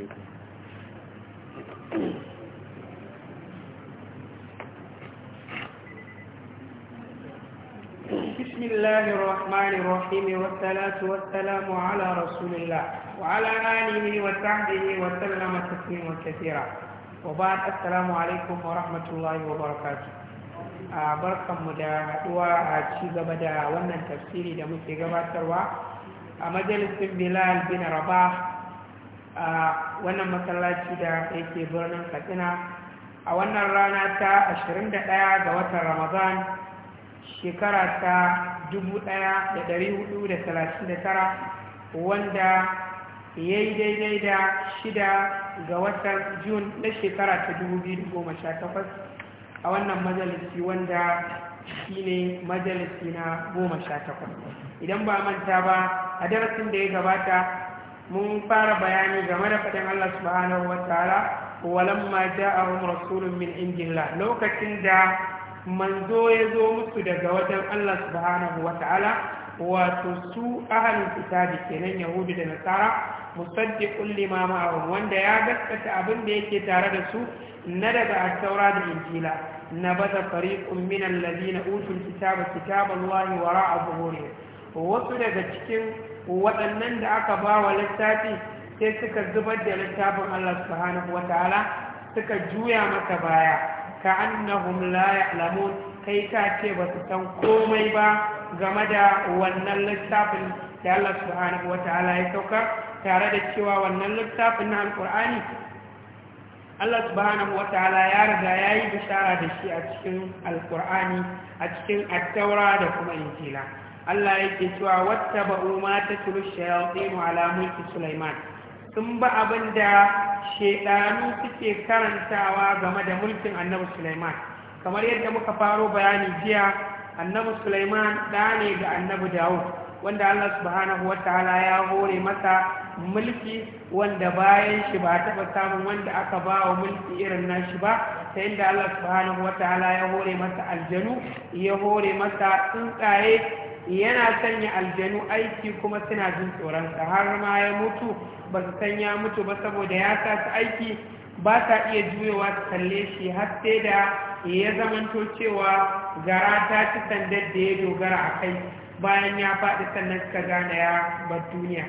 بسم الله الرحمن الرحيم والصلاة والسلام على رسول الله وعلى آله وصحبه وسلم تسليما كثيرا وبعد السلام عليكم ورحمة الله وبركاته barkanmu da haɗuwa a ci gaba da wannan tafsiri da muke gabatarwa a majalisin bilal bin rabah a wannan masallaci da yake birnin katsina a wannan rana ta 21 ga watan ramadan shekara ta 1439 wanda ya yi daidai da shida ga watan jun na shekara ta 2018 a wannan majalisi wanda shine majalisi na 18 idan ba manta ba a darasin da ya gabata mun fara bayani game da faɗin Allah subhanahu wa a walamma ja'ahum rasulun min indillah lokacin da manzo ya zo musu daga wajen Allah subhanahu wa wato su ahalin kitabi kenan yahudu da nasara musaddiqun a ma'ahum wanda ya gaskata abin da yake tare da su na daga at-taura da injila nabata fariqun min alladhina utul kitaba kitaballahi wara'a zuhurihim wasu daga cikin waɗannan da aka ba wa littafi sai suka zubar da littafin Allah subhanahu suka juya maka baya ka annahum la ya'lamun kai ka ce ba su san komai ba game da wannan littafin da Allah subhanahu ya sauka tare da cewa wannan littafin na alqur'ani Allah subhanahu ya riga ya yi bishara da shi a cikin alqur'ani a cikin attaura da kuma injila Allah yake cewa wata ba'u ma ta turu shayatinu ala mulki Sulaiman sun ba abin da shaidanu suke karantawa game da mulkin annabi Sulaiman kamar yadda muka faro bayani jiya annabi Sulaiman da ne ga annabi Dawud wanda Allah subhanahu ya hore masa mulki wanda bayan shi ba taɓa samun wanda aka ba wa mulki irin shi ba ta inda Allah subhanahu ya hore masa aljanu ya hore masa tsuntsaye yana sanya aljanu aiki kuma suna jin tsoronsa har ma ya mutu ba su san ya mutu ba saboda ya sa su aiki ba sa iya juyewa su kalle shi har sai da ya zamanto cewa gara ta ci sandar da ya dogara a kai bayan ya faɗi sannan suka gane ya bar duniya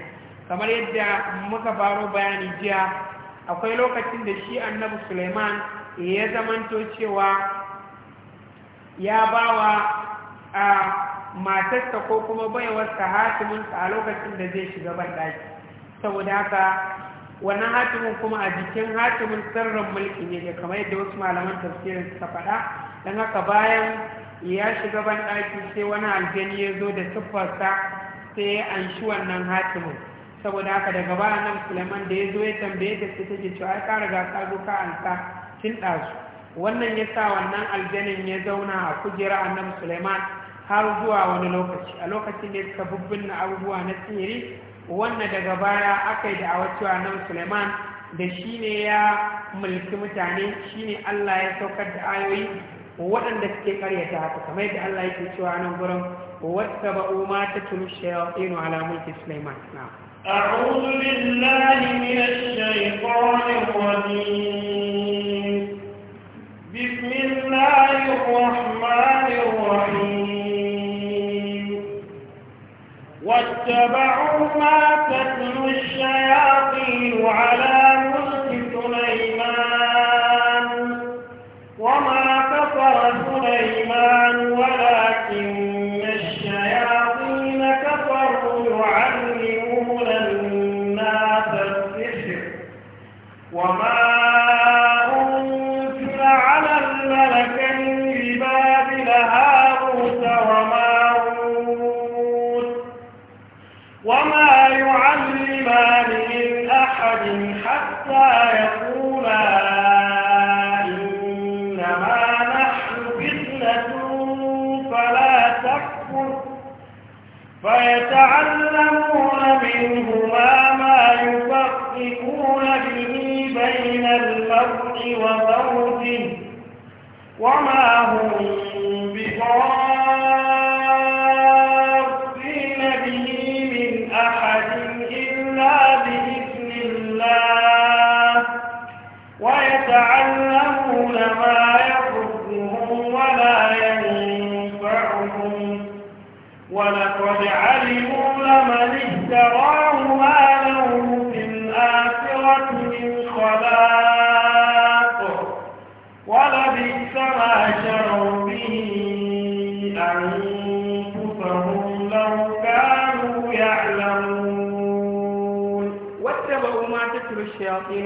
kamar yadda muka faro bayani jiya akwai lokacin da shi annabi suleiman ya zamanto cewa ya bawa a matarsa ko kuma baiwarsa hatiminsa a lokacin da zai shiga banɗaki saboda haka wannan hatimin kuma a jikin hatimin sirrin mulki ne kamar yadda wasu malaman tafsirin suka faɗa Dan haka bayan ya shiga banɗaki sai wani aljani ya zo da siffarsa sai ya anshi wannan hatimin saboda haka daga baya nan suleiman da ya zo ya tambaye ta sai take cewa ai ka riga ka zo ka ansa kin ɗazu wannan ya sa wannan aljanin ya zauna a kujera annabi suleiman har zuwa wani lokaci a lokacin da suka na abubuwa na tsiri wannan daga baya aka yi da'awar cewa nan suleiman da shi ne ya mulki mutane shi ne allah ya saukar da ayoyi waɗanda suke karyata haka kamar yadda allah yake cewa nan gurin wata ma ta tulu shayar ala mulki suleiman na أعوذ بالله من الشيطان الرجيم بسم الله الرحمن الرحيم واتبعوا ما تتل الشياطين على ملك سليمان وما كفر سليمان ولكن الشياطين كفروا يعلمون الناس السحر وما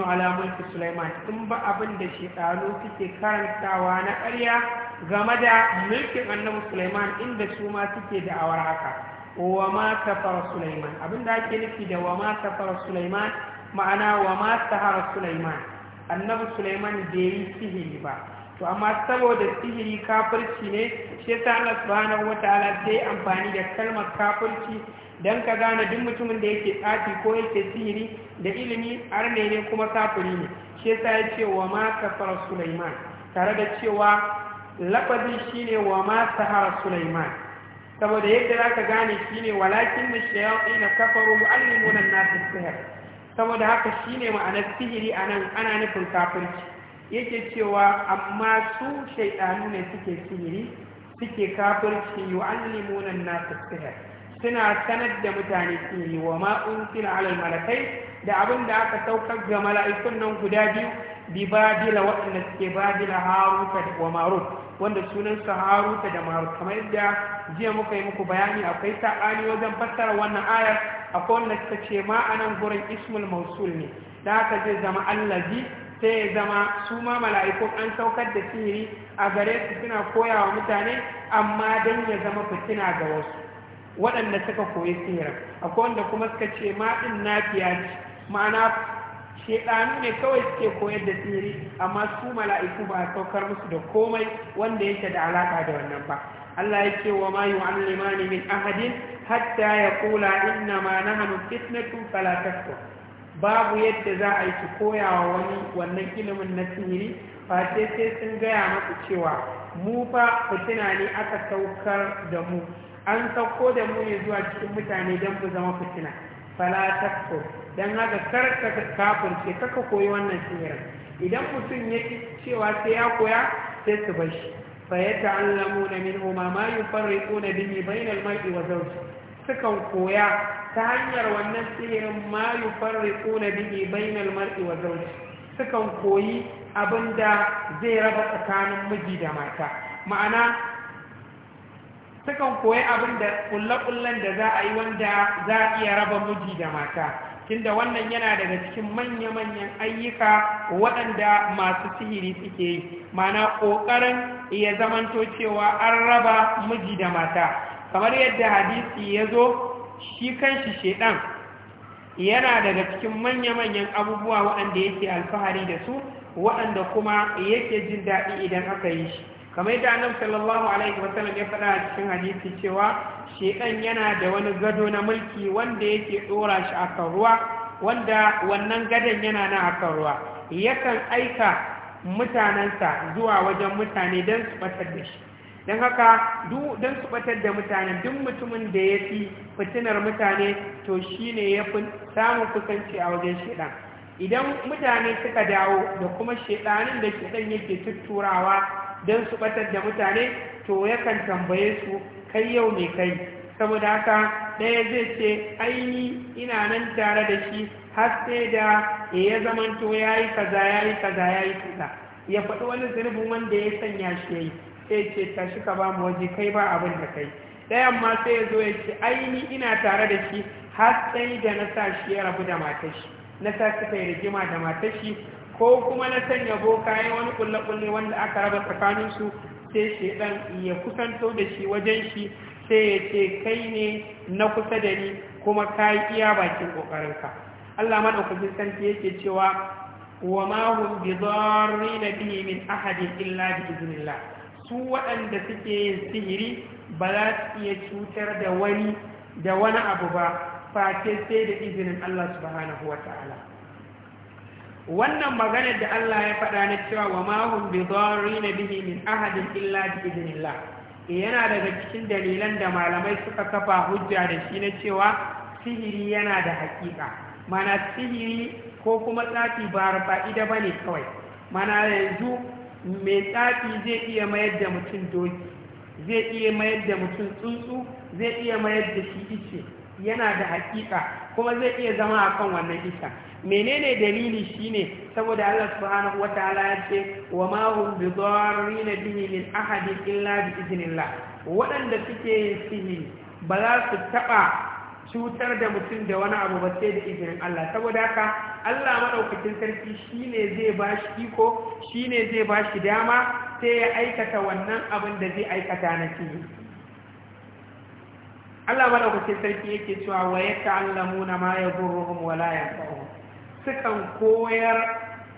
ala mulki Sulaiman in ba abin da shekaru suke karantawa na ƙarya game da mulkin annabi Sulaiman inda su ma suke da'awar haka wa ma kafara Sulaiman abin da ake nufi da wa ma kafara Sulaiman ma'ana wa ma sahara Sulaiman annabi Sulaiman bai yi sihiri ba to amma saboda sihiri kafirci ne shi yasa Allah subhanahu wataala sai amfani da kalmar kafirci dan ka gane duk mutumin da yake tsafi ko yake sihiri da ilimi arne ne kuma kafiri ne shi yasa ya ce wa ma kafara Sulaiman tare da cewa lafazi shine wa ma sahara Sulaiman saboda yadda zaka gane shine walakin na kafaru mu'allimuna an-nas sihr saboda haka shine ma'anar sihiri anan ana nufin kafirci yake cewa amma su shaidanu ne suke sihiri suke kafirci wa an na sihir suna sanar da mutane sihiri wa ma'un suna alal malakai da abin da aka saukar ga mala'ikun nan guda biyu bi babila waɗanda suke babila haruta wa marut wanda sunansa haruta da marut kamar yadda jiya muka yi muku bayani akwai saɓani wajen fassara wannan ayar akwai wanda suka ce ma anan gurin ismul mausul ne da aka zai zama allazi sai ya zama su ma mala'iku an saukar da sihiri a gare su suna koya wa mutane amma don ya zama fitina ga wasu waɗanda suka koyi sihira akwai wanda kuma suka ce maɗin fiya ce ma'ana shekaru ne kawai suke koyar da sihiri amma su mala'iku ba a saukar musu da komai wanda yake da alaƙa da wannan ba Allah ya ce wa mayu an limani min ahadin hatta ya kula inna ma hannu fitnatu fala takfur babu yadda za a yi su koya wa wani wannan ilimin na sihiri ba sai sun gaya masu cewa mu fa fitina ne aka saukar da mu an sauko da mu ne zuwa cikin mutane don mu zama fitina fala takfur don haka kar ka kaka koyi wannan sihirin idan mutum ya ci cewa sai ya koya sai su bar shi fa na minhu ma ma yufarriquna bihi bainal mar'i wa zawji sukan koya ta hanyar wannan sihirin ma yi ko na bai bainal mar'i wa zauci sukan koyi abin da zai raba tsakanin miji da mata ma'ana sukan koyi abin da da za a yi wanda za a iya raba miji da mata tunda wannan yana daga cikin manya-manyan ayyuka waɗanda masu sihiri suke yi ma'ana ƙoƙarin iya zamanto cewa an raba miji da mata kamar yadda hadisi ya zo shi kanshi shaidan yana daga cikin manya-manyan abubuwa waɗanda yake alfahari da su waɗanda kuma yake jin daɗi idan aka yi shi kamar yadda annab sallallahu alaihi wasallam ya faɗa a cikin hadisi cewa shaidan yana da wani gado na mulki wanda yake ɗora shi a kan ruwa wanda wannan gadon yana na a kan ruwa yakan aika mutanensa zuwa wajen mutane don su ɓatar da shi don haka don su batar da mutane duk mutumin da ya fi fitinar mutane to shine ne ya fi samun kusanci a wajen shaidan idan mutane suka dawo da kuma shaidanin da shaidan yake tutturawa don su batar da mutane to yakan tambaye su kai yau mai kai saboda haka ɗaya zai ce aini ina nan tare da shi har sai da ya zamanto ya yi kaza ya yi kaza ya yi kaza ya faɗi wani zunubin wanda ya sanya shi ya yi sai ce tashi ka ba mu waje kai ba abin da kai ɗayan ma sai ya zo ya ce aini ina tare da shi har sai da na sa shi ya rabu da matashi na sa suka kai rigima da matashi ko kuma na sanya boka ya wani kulle-kulle wanda aka raba tsakaninsu sai shi ɗan, ya kusanto da shi wajen shi sai ya ce kai ne na kusa da ni kuma ka yi iya bakin ƙoƙarinka allah maɗaukakin sarki yake cewa wa hum bi zarri na bihi min ahadin illa bi iznillah su waɗanda suke yin sihiri ba za su iya cutar da wani da wani abu ba face sai da izinin Allah subhanahu wa ta'ala wannan maganar da Allah ya faɗa na cewa wa mahun bi na bihi min ahadin illa bi iznillah eh, yana daga cikin dalilan da malamai suka kafa hujja da shi na cewa sihiri yana da haƙiƙa, mana sihiri ko kuma tsafi ba fa'ida ne kawai mana yanzu mai tsafi zai iya mayar da mutum doki zai iya mayar da mutum tsuntsu zai iya mayar da shi ice yana da hakika kuma zai iya zama a kan wannan isa menene dalili shine saboda Allah subhanahu wataala ya ce wa ma hum bi dharrin bihi min ahadin illa bi idnillah waɗanda suke yin sihiri ba za su taɓa cutar da mutum da wani abu ba sai da izinin Allah saboda haka Allah maɗaukakin sarki shine zai ba shi iko shine zai ba shi dama sai ya aikata wannan abin da zai aikata na fiye Allah maɗaukakin sarki yake cewa wa ya ma yadurruhum wa la yanfa'uhum sukan koyar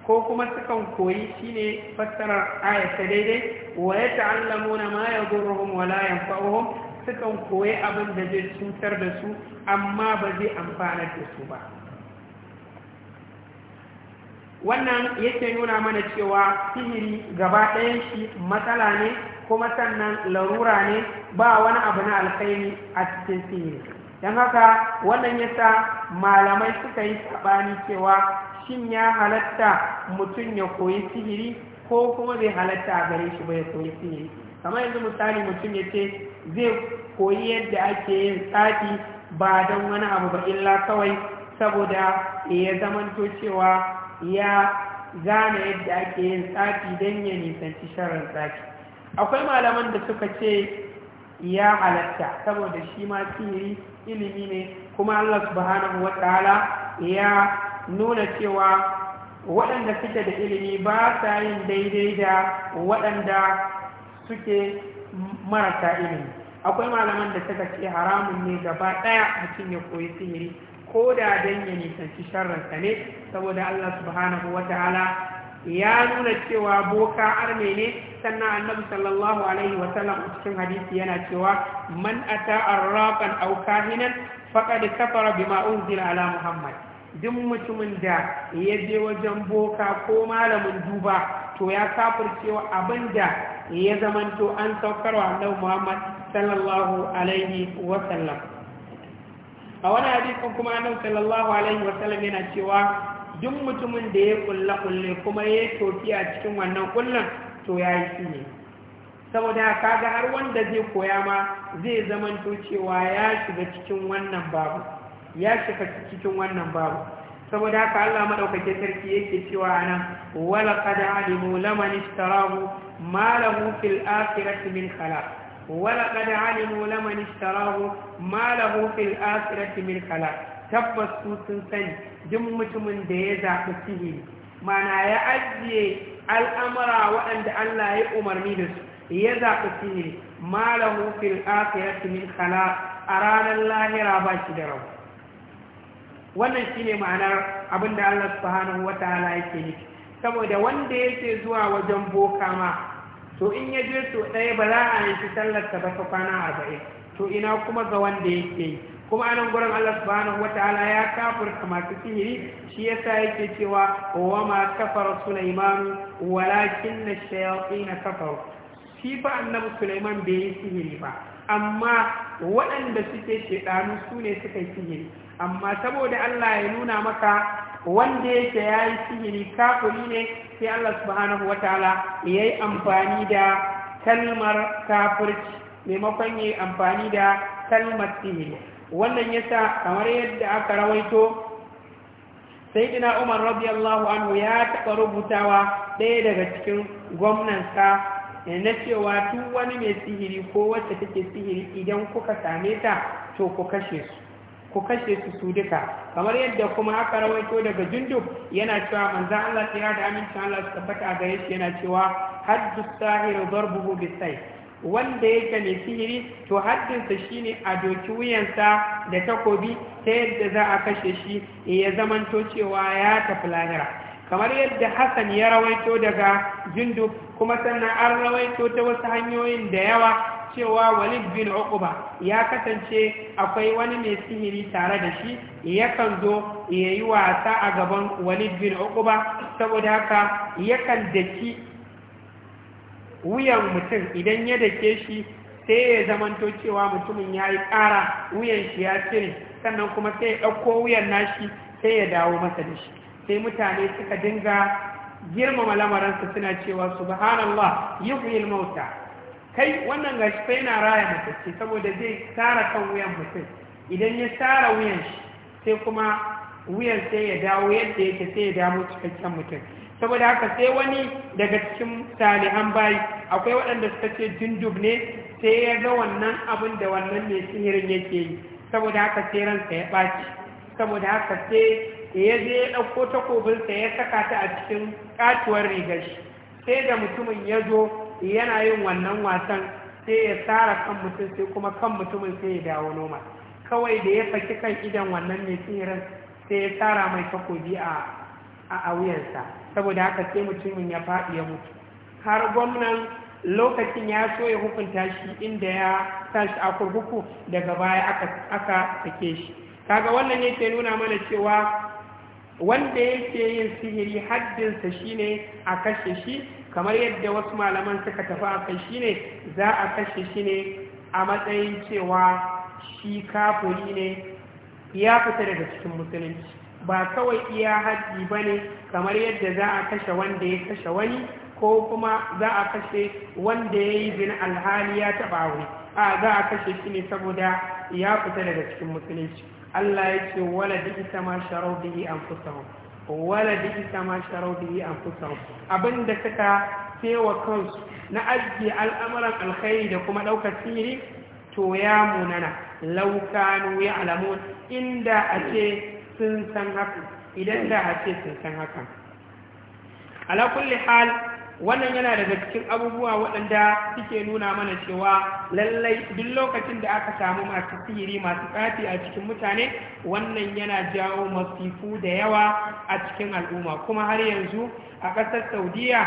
ko kuma sukan koyi shine fassarar ayata daidai wa ya ta'allamuna ma yadurruhum wa la yanfa'uhum sukan koyi abin da zai cutar da su amma ba zai amfana da su ba wannan yake nuna mana cewa sihiri gaba ɗayan shi matsala ne kuma sannan larura ne ba wani abu na alkaini a cikin sihiri don haka wannan ya sa malamai suka yi saɓani cewa shin ya halatta mutum ya koyi sihiri ko kuma bai halatta a gare shi ba ya koyi sihiri kamar yanzu misali mutum ya ce zai koyi yadda ake yin tsafi ba don wani abu ba illa kawai saboda ya zamanto cewa ya gane yadda ake yin tsafi don ya nisanci sharar tsafi akwai malaman da suka ce ya halatta saboda shi ma sihiri ilimi ne kuma allah subhanahu wa ta'ala ya nuna cewa waɗanda suke da ilimi ba sa yin daidai da waɗanda suke marasa ilimi akwai malaman da suka ce haramun ne gaba ɗaya mutum ya koyi sihiri ko da dan ya nisanci sharransa ne saboda Allah subhanahu wa Ta'ala ya nuna cewa boka arme ne sannan annabi sallallahu alaihi wasallam a cikin hadisi yana cewa man ata arraqan aw kahinan faqad kafara bima unzila ala muhammad duk mutumin da ya je wajen boka ko malamin duba to ya abin da ya zamanto an saukar wa annabi muhammad sallallahu alaihi wasallam a wani hadisun kuma nan sallallahu alaihi wasallam yana cewa duk mutumin da ya kulla kulle kuma ya tofi a cikin wannan kullan to ya yi shi ne saboda kaga har wanda zai koya ma zai zamanto cewa ya shiga cikin wannan babu ya shiga cikin wannan babu saboda haka Allah madaukake sarki yake cewa anan wala qad alimu laman ishtarahu ma lahu fil akhirati min khalaq Walaƙa da لمن اشتراه ما له في الآخرة من خلاق tabbas su sun sani duk mutumin da ya zaɓi sihi. mana ya ajiye al'amura waɗanda Allah ya umarni da su ya zaɓi sihiri malahu fil akhirati min khala a ranar lahira ba shi da rabu wannan shine ma'anar abinda Allah subhanahu wataala yake nufi saboda wanda yake zuwa wajen boka ma to in ya je su ɗaya ba za a yanki sallarsa ba ta kwana arba'in to ina kuma ga wanda yake yi kuma anan gurin Allah subhanahu wataala ya kafirta masu sihiri shi yasa yake cewa wa ma kafara Sulaiman walakin shayatin kafaru shi fa annabi Sulaiman bai yi sihiri ba amma waɗanda suke shaidanu su ne suka yi sihiri amma saboda Allah ya nuna maka wanda yake ya yi sihiri kafiri ne sai Allah subhanahu wa ta'ala ya yi amfani da kalmar kafirci maimakon ya yi amfani da kalmar sihiri wannan ya sa kamar yadda aka rawaito Sai ina Umar radiyallahu anhu ya taɓa rubutawa ɗaya daga cikin gwamnansa na cewa tun wani mai sihiri ko wacce take sihiri idan kuka same ta to ku kashe su ku kashe su su duka kamar yadda kuma aka rawaito daga jundub yana cewa manzan Allah ya da amincin Allah suka tabbata a gare shi yana cewa haddu sahiru darbuhu bisai wanda yake mai sihiri to haddinsa shine a doki wuyansa da takobi ta yadda za a kashe shi ya zamanto cewa ya tafi lahira kamar yadda Hassan ya rawaito daga jundub kuma sannan an rawaito ta wasu hanyoyin da yawa cewa walid bin uquba ya kasance akwai wani mai sihiri tare da shi yakan zo ya yi wasa a gaban walid bin uquba saboda haka yakan daki wuyan mutum idan ya dake shi sai ya zamanto cewa mutumin ya yi ƙara wuyan shi ya cire sannan kuma sai ya ɗauko wuyan nashi sai ya dawo masa da shi sai mutane suka dinga girmama lamaransu suna cewa subhanallah yuhyil mauta kai wannan gashi fa yana raya matacce saboda zai tsara kan wuyan mutum idan ya tsara wuyan shi sai kuma wuyan sai ya dawo yadda yake sai ya damu cikakken mutum saboda haka sai wani daga cikin salihan bayi akwai waɗanda suka ce dindub ne sai ya ga wannan abin da wannan mai sihirin yake yi saboda haka sai ransa ya ɓaci saboda haka sai ya je ya ɗauko takobinsa ya saka ta a cikin ƙatuwar rigar shi sai da mutumin ya zo yana yin wannan wasan sai ya tsara kan mutum sai kuma kan mutumin sai ya dawo noma kawai da ya faki kan idan wannan mai tsirin sai ya tsara mai takobi a wuyansa saboda haka sai mutumin ya faɗi ya mutu har gwamnan lokacin ya so ya hukunta shi inda ya tashi a kurkuku daga baya aka sake shi kaga wannan yake nuna mana cewa wanda yake yin sihiri haddinsa shine a kashe shi kamar yadda wasu malaman suka tafi a kai shine za a kashe shi ne a matsayin cewa shi kafuri ne ya fita daga cikin musulunci ba kawai iya haddi ba ne kamar yadda za a kashe wanda ya kashe wani ko kuma za a kashe wanda ya yi zina alhali ya taba wuri a za a kashe shi ne saboda ya fita daga cikin musulunci Allah ya ce wala da ita ma sharau yi an fusahu wala da isa ma sharau da yi anfusahum abinda suka cewa kansu na ajiye al'amuran alkhairi da kuma ɗaukar siri to ya munana laukanu ya alamu inda a ce sun san haka idan da a ce sun san haka ala hal wannan yana daga cikin abubuwa waɗanda suke nuna mana cewa lallai duk lokacin da aka samu masu sihiri masu tsafi a cikin mutane wannan yana jawo masifu da yawa a cikin al'umma kuma har yanzu a ƙasar saudiya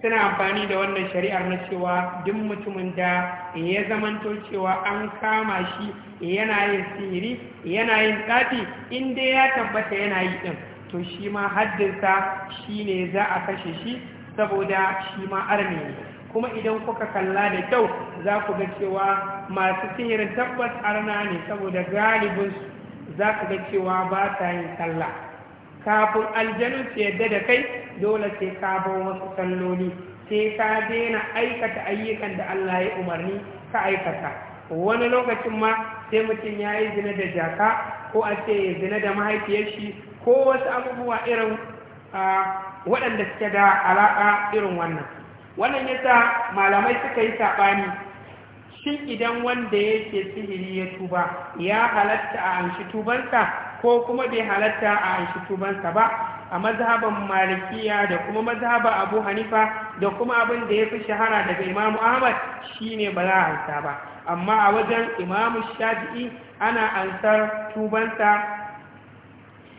suna amfani da wannan shari'ar na cewa duk mutumin da ya zamanto cewa an kama shi yana yin sihiri yana yin tsafi inda ya tabbata yana yi ɗin to shi ma haddinsa shi ne za a kashe shi saboda shi ma arne ne kuma idan kuka kalla da kyau za ku ga cewa masu sihirin tabbas arna ne saboda galibin za ku ga cewa ba ta yin sallah kafin aljanu su yadda da kai dole sai ka bar wasu salloli sai ka daina aikata ayyukan da Allah ya umarni ka aikata wani lokacin ma sai mutum ya yi zina da jaka ko a ce zina da mahaifiyar shi ko wasu abubuwa irin a ah, waɗanda suke da alaƙa irin wannan wannan yasa malamai suka yi saɓani shin idan wanda ya yake sihiri ya tuba ya halatta a anshi tubansa ko kuma bai halatta a anshi tubansa ba a mazhaban malikiya da kuma mazhaban abu hanifa da kuma abin da ya fi shahara daga imamu ahmad shine ba za a ansa ba amma a wajen imamu shafi'i ana ansar tubansa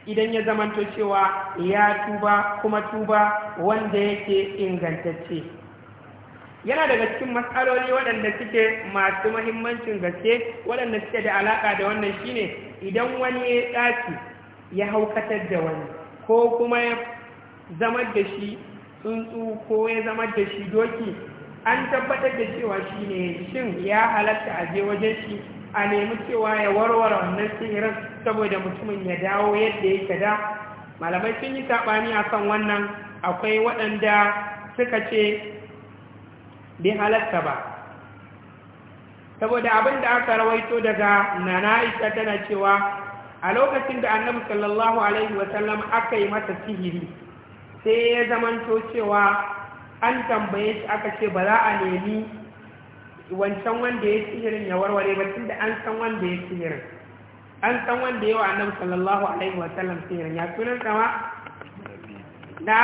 idan ya zamanto cewa ya tuba kuma tuba wanda yake ingantacce yana daga cikin matsaloli waɗanda suke masu mahimmancin gaske waɗanda suke da alaƙa da wannan shine idan wani ya ɗaci ya haukatar da wani ko kuma ya zamar da shi tsuntsu ko ya zamar da shi doki an tabbatar da cewa shine shin ya halatta a je wajen shi a nemi cewa ya warware wannan sihirin saboda mutumin ya dawo yadda yake da malamai sun yi saɓani a kan wannan akwai waɗanda suka ce bi halatta ba saboda abin da aka rawaito daga nana isa tana cewa a lokacin da annabi sallallahu alaihi wasallam aka yi masa sihiri sai ya zamanto cewa an tambaye shi aka ce ba za a nemi wancan wanda ya sihirin ya warware ba da an san wanda ya sihirin an san wanda yawa annabi sallallahu alaihi wa sallam sihirin ya sunan sama na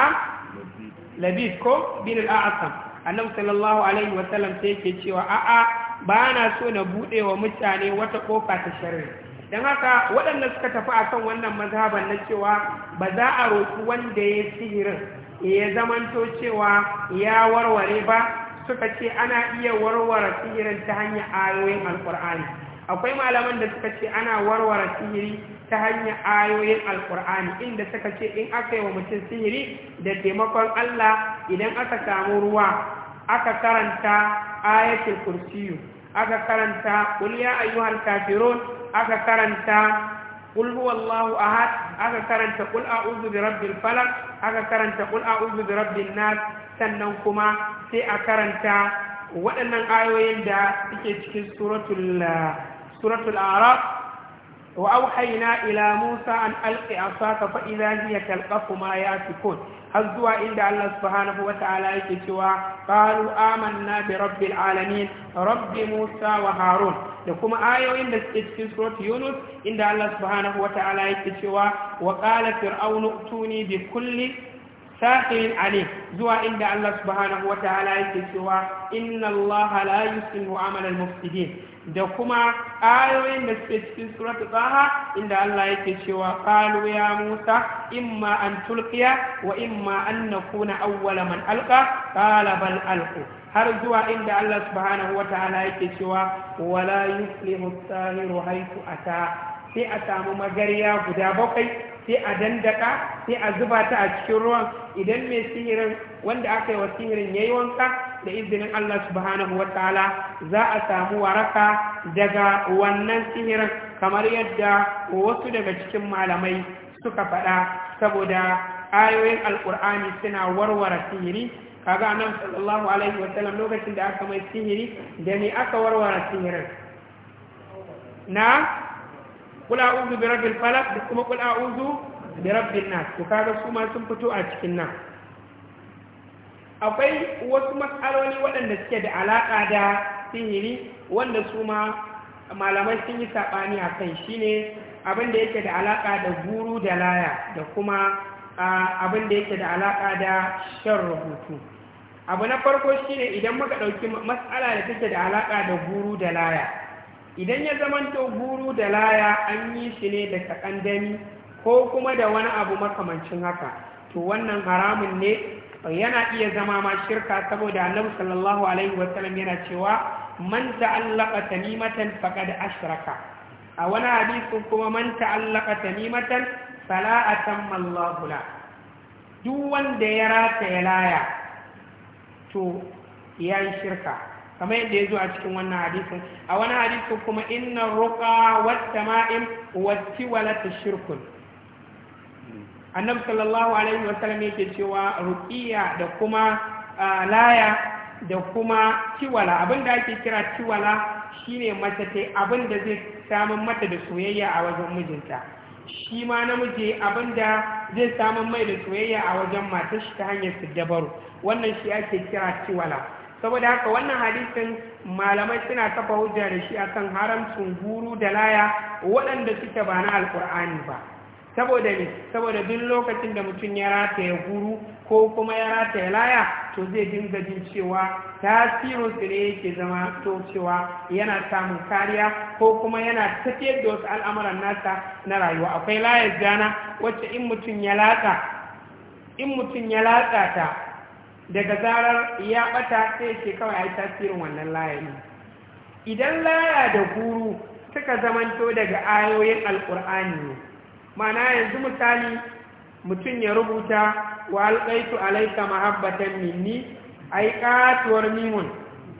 labid ko bin al'asam asam annabi sallallahu alaihi wa sallam sai yake cewa a'a ba na so na bude wa mutane wata kofa ta sharri don haka waɗanda suka tafi a kan wannan mazhaban na cewa ba za a roƙi wanda ya sihirin ya zamanto cewa ya warware ba suka ce ana iya warware sihirin ta hanyar ayoyin alkur'ani akwai malaman da suka ce ana warware sihiri ta hanyar ayoyin alkur'ani inda suka ce in aka yi wa mutum sihiri da taimakon allah idan aka samu ruwa aka karanta ayatul kursiyu aka karanta kuliya ayyuhar kafiron, aka karanta qul wallahu ahad aka karanta kul a'udhu bi rabbil falaq aka karanta kul a'udhu bi rabbin nas sannan kuma sai a karanta waɗannan ayoyin da suke cikin suratul suratul a'raf wa auhayna ila musa an alqi asaka fa idha hiya talqafu ma yafikun har zuwa inda Allah subhanahu wa ta'ala yake cewa qalu amanna bi rabbil alamin rabbi musa wa harun da kuma ayoyin da suke cikin surat yunus inda allah subhanahu wata'ala yake cewa wa qala fir'aunu tuni bi kulli sahirin ali zuwa inda allah subhanahu wata'ala yake cewa inna Allah la yuslimu al mufsidin da kuma ayoyin da suke cikin surat taha inda Allah yake cewa qalu ya Musa imma an tulqiya wa imma an nakuna awwala man alqa qala bal alqu har zuwa inda Allah subhanahu wa ta'ala yake cewa wala yuflihu sahiru haitu ata sai a samu magariya guda bakwai sai a dandaka sai a zuba ta a cikin ruwan idan mai sihirin wanda aka yi wa sihirin yayi wanka da izinin Allah subhanahu wa ta'ala za a samu waraka daga wannan sihirin kamar yadda wasu daga cikin malamai suka faɗa saboda ayoyin alkur'ani suna warware sihiri kaga anan sallallahu alaihi wa sallam lokacin da aka mai sihiri da ni aka warware sihirin na kula uzu bi rabbil falaq da kuma kula uzu bi rabbin nas to kaga su ma sun fito a cikin nan akwai wasu matsaloli waɗanda suke da alaƙa da sihiri wanda su ma malamai sun yi saɓani a kai shine abin da yake da alaƙa da guru da laya da kuma abin da yake da alaka da shan rubutu abu na farko shine idan muka ɗauki matsala da take da alaƙa da guru da laya idan ya zamanto guru da laya an yi shi ne da sakandami ko kuma da wani abu makamancin haka to wannan haramun ne yana iya zama ma shirka saboda annabi sallallahu alaihi wasallam yana cewa man ta'allaqa tamimatan faqad ashraka a wani hadisi kuma man ta'allaqa tamimatan fala atamma Allahu la duk wanda ya rata ya laya to ya yi shirka kamar yadda ya zo a cikin wannan hadisin a wani hadisin kuma inna ruqa wata wa wati walata shirkun annabi sallallahu alaihi wasallam yake cewa ruqiya da kuma laya da kuma tiwala abinda ake kira ciwala shine mace ce abinda zai samun mata da soyayya a wajen mijinta shi ma namiji abinda zai samun mai da soyayya a wajen mata shi ta hanyar siddabaru wannan shi ake kira Ciwala. saboda haka wannan hadisin malamai suna kafa hujja da shi akan haramcin guru da laya waɗanda suke ba na alkur'ani ba saboda ne saboda duk lokacin da mutum ya rata ya guru ko kuma ya rataya laya to zai dinga jin cewa tasirin su ne yake zama to cewa yana samun kariya ko kuma yana tafiyar da wasu al'amuran nasa na rayuwa akwai layar jana wacce in mutum ya latsa in mutum ya latsa ta daga zarar ya bata sai ce kawai a yi tasirin wannan layar idan laya da guru suka zamanto daga ayoyin alkur'ani ne ma'ana yanzu misali mutum ya rubuta wa alƙaitu alaika mahabbatan minni ai katuwar mimun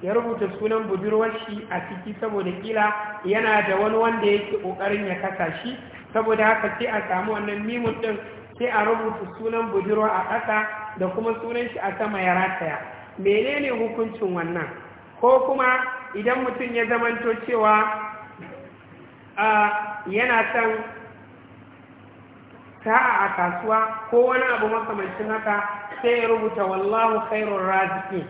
ya rubuta sunan budurwar shi a ciki saboda ƙila yana da wani wanda yake ƙoƙarin ya kasa shi saboda haka sai a samu wannan mimun ɗin sai a rubuta sunan budurwa a ƙasa da kuma sunan shi a sama ya rataya menene hukuncin wannan ko kuma idan mutum ya zamanto cewa yana son Ta'a a kasuwa ko wani abu makamancin haka sai ya rubuta wallahu Khairun raziki.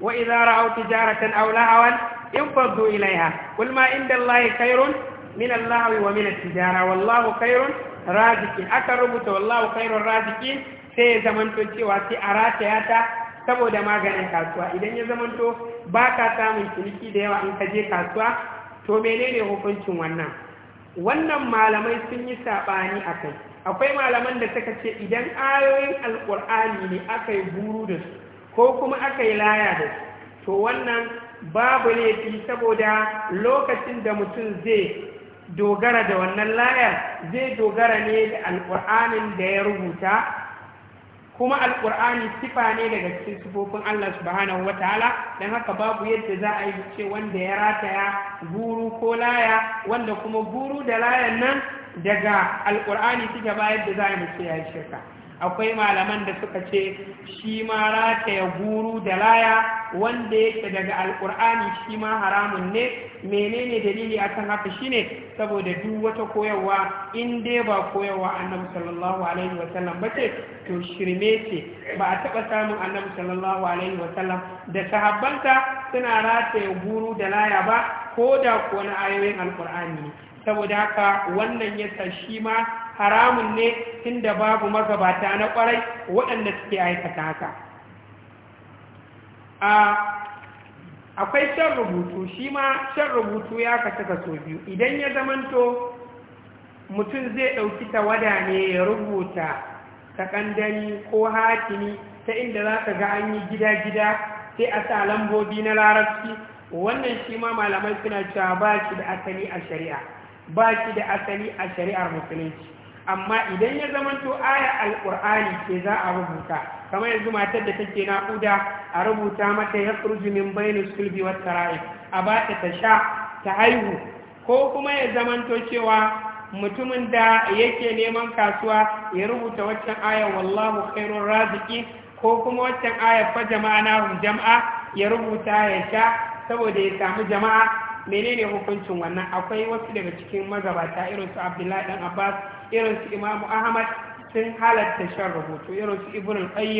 wa idza ra'aw tijaratan aw lahawan infaddu ilaiha qul ma inda allahi khairun min allahi wa min at-tijara wallahu khairun raziki. aka rubuta wallahu Khairun raziki sai ya zamanto cewa sai a rataya ta saboda maganin kasuwa idan ya zamanto ba ka samun ciniki da yawa in ka je kasuwa to menene hukuncin wannan wannan malamai sun yi saɓani a akwai malaman da suka ce idan ayoyin alkur'ani ne aka yi buru da su ko kuma aka yi laya da su to wannan babu laifi saboda lokacin da mutum zai dogara da wannan layar zai dogara ne da alkur'anin da ya rubuta kuma alkur'ani sifa ne daga cikin sifofin Allah subhanahu ta'ala dan haka babu yadda za a yi ce wanda ya rataya guru ko laya wanda kuma guru da layan nan daga alkur'ani suke bayar da za mu ce ya shirka akwai malaman da suka ce shi ma rataya guru da laya wanda yake daga alkur'ani shi ma haramun ne menene dalili akan haka shine saboda duk wata koyarwa in dai ba koyarwa annabi sallallahu alaihi wasallam ba ce to shirme ce ba a taɓa samun annabi sallallahu alaihi wasallam da sahabbanta suna rataya guru da laya ba ko da kuwa na ayoyin alkur'ani ne saboda haka wannan yasa shi ma haramun ne tunda babu magabata na kwarai waɗanda suke aikata haka akwai shan rubutu shi ma shan rubutu ya kasu kaso biyu idan ya zamanto mutum zai ɗauki tawada ne ya rubuta takandani ko hakimi ta inda za ka ga an yi gida-gida sai a sa lambobi na larabci wannan shi ma malamai suna cewa ba shi da asali a shari'a ba shi da asali a shari'ar musulunci amma idan ya zamanto aya alƙur'ani ce za a rubuta kamar yanzu matar da take naƙuda a rubuta mata ya kurji min bainu sulbi wa tara'i a ba ta ta sha ta haihu ko kuma ya zamanto cewa mutumin da yake neman kasuwa ya rubuta waccan ayar wallahu khairur raziki ko kuma waccan ayar fa jama'a na jama'a ya rubuta ya sha saboda ya samu jama'a menene hukuncin wannan akwai wasu daga cikin magabata irin su abdullahi dan abbas irin su imamu ahmad sun halatta shan rubutu irin su ibn al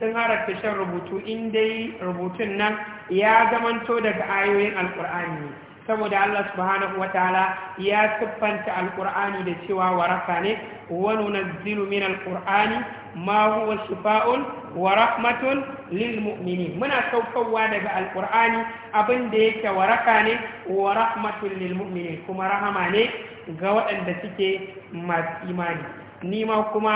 sun halatta shan rubutu in dai rubutun nan ya zamanto daga ayoyin Alkur'ani. ne saboda Allah subhanahu ta'ala ya siffanta alqur'ani da cewa waraka ne wa nunazzilu min alqur'ani ma huwa shifaa'un wa rahmatun lil mu'minin muna saukowa daga alqur'ani abin da yake waraka ne wa rahmatun lil mu'minin kuma rahama ne ga waɗanda suke masu imani ni ma kuma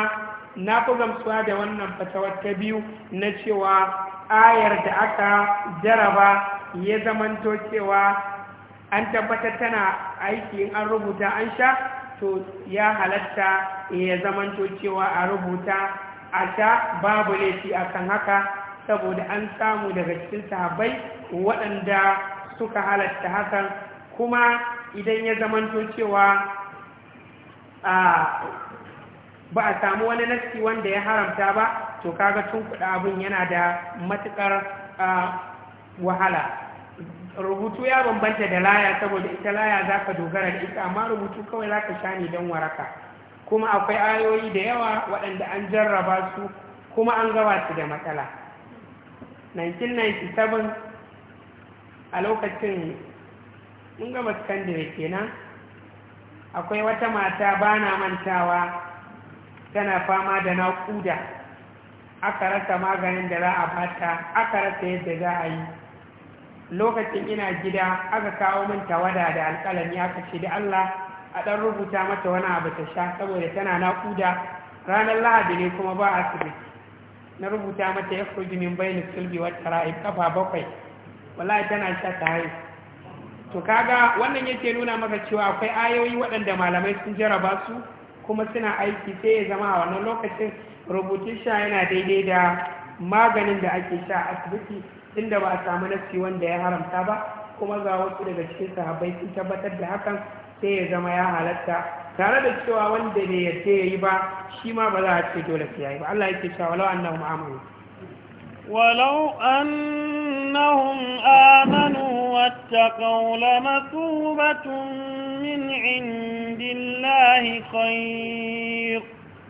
na fi gamsuwa da wannan fatawar ta biyu na cewa ayar da aka jaraba ya zamanto cewa an tabbatar tana aiki in an rubuta an sha to ya halatta ya to cewa a rubuta a sha babu laifi a kan haka saboda an samu daga cikin sahabbai waɗanda suka halatta hakan kuma idan ya to cewa ba a samu wani nasi wanda ya haramta ba to kaga tun kuɗa abin yana da matuƙar wahala rubutu ya bambanta da laya saboda ita laya za ka dogara da ita amma rubutu kawai za ka sha don waraka kuma akwai ayoyi da yawa waɗanda an jarraba su kuma an gaba su da matsala 1997 a lokacin mun gaba kenan akwai wata mata ba na mantawa tana fama da naƙuda aka rasa maganin da za a bata aka rasa yadda za a yi lokacin ina gida aka kawo min tawada da alƙalami aka ce da Allah a ɗan rubuta mata wani abu ta sha saboda tana naƙuda ranar lahadi ne kuma ba asibiti na rubuta mata ya furuji min bayanin sulbi wata ra'ib kafa bakwai wallahi tana sha ta haihu to kaga wannan yake nuna maka cewa akwai ayoyi waɗanda malamai sun jaraba su kuma suna aiki sai ya zama a wannan lokacin rubutun sha yana daidai da maganin da ake sha a asibiti inda ba a samu nassi wanda ya haramta ba kuma ga wasu daga cikin sahabbai sun tabbatar da hakan sai ya zama ya halatta tare da cewa wanda ne ya ce yayi ba shi ma ba za a ce dole sai yayi ba Allah yake cewa walau annahum amanu walau annahum amanu wattaqaw lamatubatun min indillahi khayr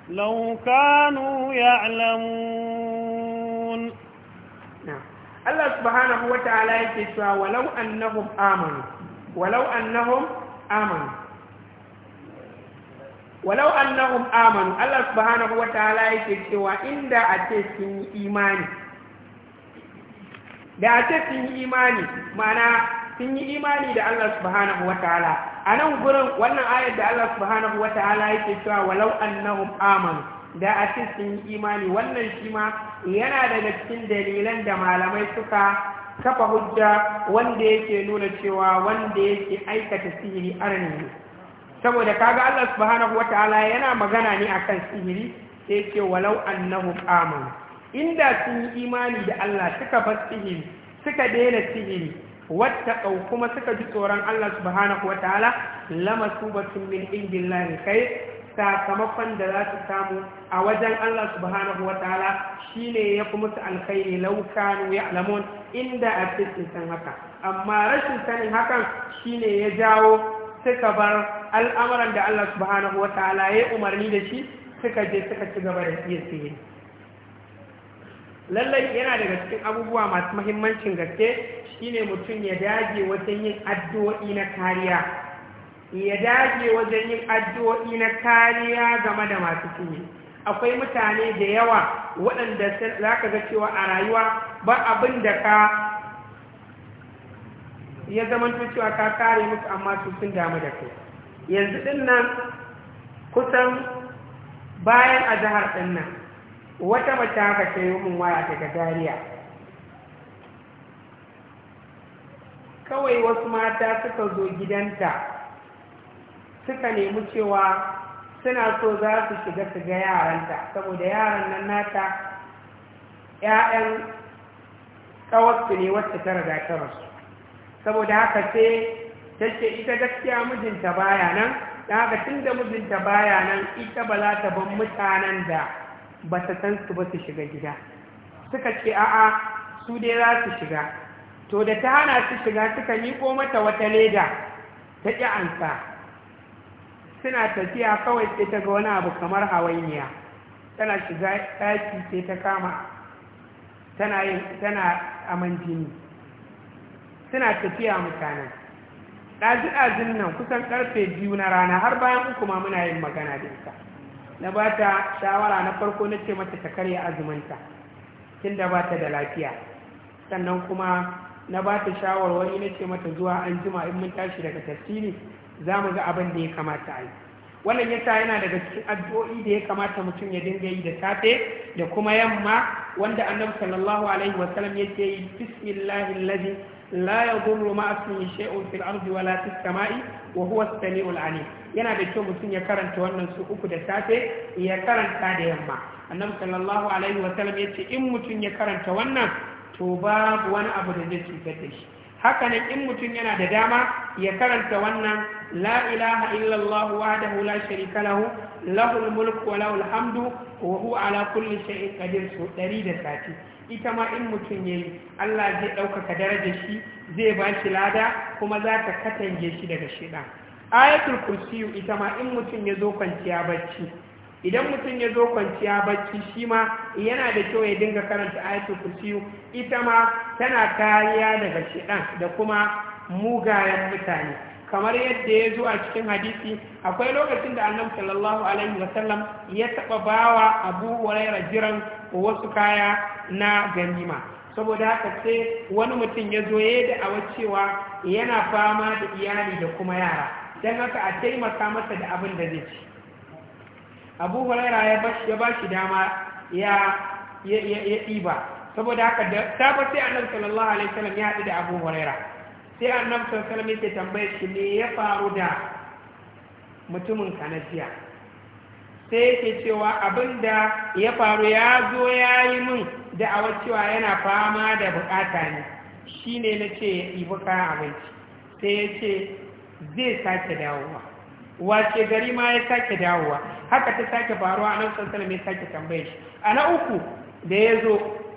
law kanu ya'lamun Allah subhanahu wata'ala yake cewa walau annahum amanu walau annahum amanu walau annahum amanu Allah subhanahu wata'ala yake cewa inda a ce sun yi imani da a ce sun yi imani mana sun yi imani da Allah subhanahu wata'ala a nan gurin wannan ayar da Allah subhanahu wata'ala yake cewa walau annahum amanu da a ce sun yi imani wannan shi ma yana daga cikin dalilan da malamai suka kafa hujja wanda yake nuna cewa wanda yake aikata sihiri arni saboda kaga Allah subhanahu wataala yana magana ne akan sihiri sai ce walau annahu amanu inda sun yi imani da Allah suka bar sihiri suka daina sihiri wattaqau kuma suka ji tsoron Allah subhanahu wataala lamasubatun min indillahi kai sakamakon da za su samu a wajen Allah subhanahu wa ta'ala shi ne ya fi musu alkhairi laukanu ya alamun inda a cikin san haka amma rashin sanin hakan shi ne ya jawo suka bar al'amuran da Allah subhanahu wa ta'ala ya umarni da shi suka je suka ci gaba da iya siye lallai yana daga cikin abubuwa masu mahimmancin gaske shine mutum ya dage wajen yin addu'o'i na kariya ya dage wajen yin addu'o'i na kariya game da masu kiyi akwai mutane da yawa waɗanda za ka ga cewa a rayuwa ba abin da ka ya zamanta cewa ka kare musu amma su sun damu da kai yanzu ɗin nan kusan bayan a jihar ɗin nan wata mata haka ce yi min waya daga dariya kawai wasu mata suka zo gidanta suka nemi cewa suna so za su shiga su ga yaranta saboda yaran nan nata ‘ya'yan ƙawarsu ne wacce ta da ta saboda haka sai ta ce ita gaskiya mijinta baya nan da haka tun da mijinta baya nan ita ba za ta ban mutanen da ba ta san su ba su shiga gida suka ce a'a su dai za su shiga to da ta hana su shiga suka miƙo mata wata leda ta ƙi ansa suna tafiya kawai sai ta ga wani abu kamar hawainiya tana shiga ɗaki sai ta kama tana aman jini suna tafiya mutanen ɗazi-ɗazin nan kusan ƙarfe biyu na rana har bayan uku ma muna yin magana da ita na ba ta shawara na farko na ce mata ta karya azuminta tun da ba ta da lafiya sannan kuma na ba ta shawarwari na ce mata zuwa an jima in mun tashi daga tafsiri za mu ga abin da ya kamata a yi wannan yasa yana daga cikin addu'o'i da ya kamata mutum ya dinga yi da safe da kuma yamma wanda annabi sallallahu alaihi wa sallam yake yi bismillahi allazi la yadurru ma ismihi shay'un fil ardi wala fis sama'i wa huwa as-sami'ul yana da kyau mutum ya karanta wannan su uku da safe ya karanta da yamma annabi sallallahu alaihi wa sallam yace in mutum ya karanta wannan to babu wani abu da zai cutar da shi haka in mutum yana da dama ya karanta wannan لا إله إلا الله وحده لا شريك له له الملك وله الحمد وهو على كل شيء قدير ita ma in mutum ya yi Allah zai ɗaukaka darajar shi zai ba shi lada kuma za ta katange shi daga shida ayatul kursiyu ita ma in mutum ya zo kwanciya bacci idan mutum ya zo kwanciya bacci shi ma yana da kyau ya dinga karanta ayatul kursiyu ita ma tana kariya daga shidan da kuma mugayen mutane kamar yadda ya zo a cikin hadisi akwai lokacin da annabi sallallahu alaihi wasallam ya taba bawa abu huraira jiran wasu kaya na ganima saboda haka sai wani mutum ya zo ya da awa cewa yana fama da iyali da kuma yara dan haka a taimaka masa da abin da zai ci abu huraira ya ya bashi dama ya ɗiba saboda haka da ba sai annabi sallallahu alaihi wasallam ya haɗu da abu huraira sai annabi sallallahu alaihi wasallam tambaye shi me ya faru da mutumin kanafiya sai yake cewa abinda ya faru ya zo ya yi min da'awar cewa yana fama da bukata ne shine na ce ya ɗibi kayan abinci sai ya ce zai sake dawowa wace gari ma ya sake dawowa haka ta sake faruwa a nan sassanin mai sake tambaye shi a na uku da ya zo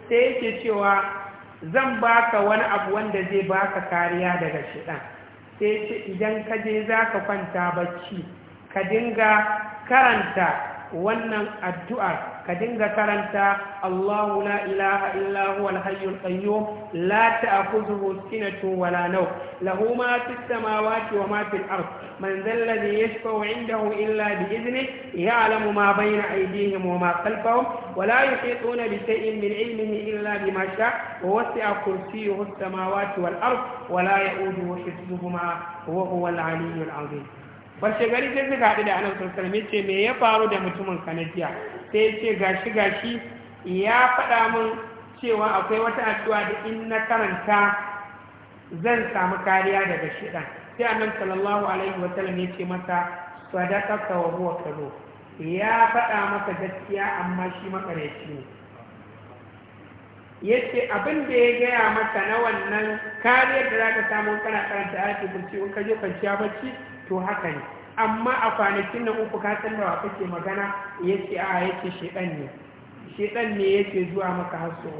sai yake cewa zan baka wani abu wanda zai baka kariya daga shiɗan sai ce idan ka je za ka kwanta bacci ka dinga karanta wannan addu'ar ka dinga karanta Allahu la ilaha illa huwa al-hayyul qayyum la ta'khudhuhu sinatun wala nawm lahu ma fis samawati wa ma fil ard man dhal ladhi yashfa'u 'indahu illa bi idhnihi ya'lamu ma bayna aydihim wa ma khalfahum wa la yuhituna bi shay'in min 'ilmihi الله ما شاء ووسع كرسيه السماوات والأرض ولا يؤوده حفظهما وهو العلي العظيم washe gari sai suka haɗu da anan sallallahu alaihi ce me ya faru da mutumin kanajiya sai ce gashi gashi ya faɗa min cewa akwai wata addu'a da in na karanta zan samu kariya daga shidan sai annabi sallallahu alaihi wa sallam ya ce masa sadaqaka wa huwa kadhub ya faɗa masa gaskiya amma shi makareci ne yace abin da ya gaya maka na wannan kariyar da zaka samu kana karanta ayatul kursi in ka je kwanciya bacci to haka ne amma a kwanakin nan uku ka san da kake magana yace a yace shedan ne shedan ne yake zuwa maka hasso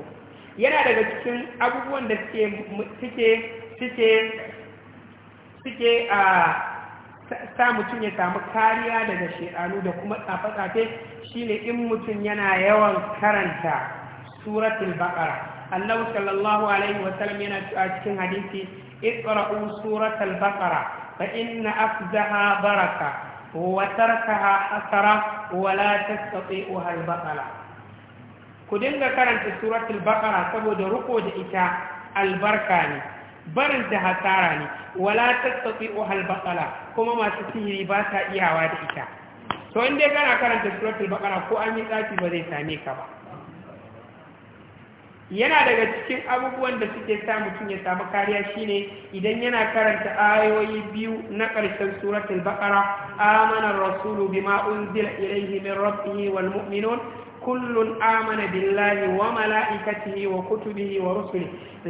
yana daga cikin abubuwan da suke suke suke suke a sa mutum ya samu kariya daga shedanu da kuma tsafe-tsafe shine in mutum yana yawan karanta suratul baqara Allahu sallallahu alaihi wasallam yana a cikin hadisi iqra'u suratul baqara fa inna afzaha baraka wa tarkaha asara wa la tastati'uha al ku dinga karanta suratul baqara saboda ruko da ita albarka ne barin ta hasara ne wala tastati'uha al-baqara kuma masu sihiri ba ta iyawa da ita to in dai kana karanta suratul baqara ko an yi tsaki ba zai same ka ba yana daga cikin abubuwan da suke sa mutum ya samu kariya shine idan yana karanta ayoyi biyu na ƙarshen suratul baqara amana rasulu bima unzila ilayhi min rabbihi wal mu'minun كل آمن بالله وملائكته وكتبه ورسله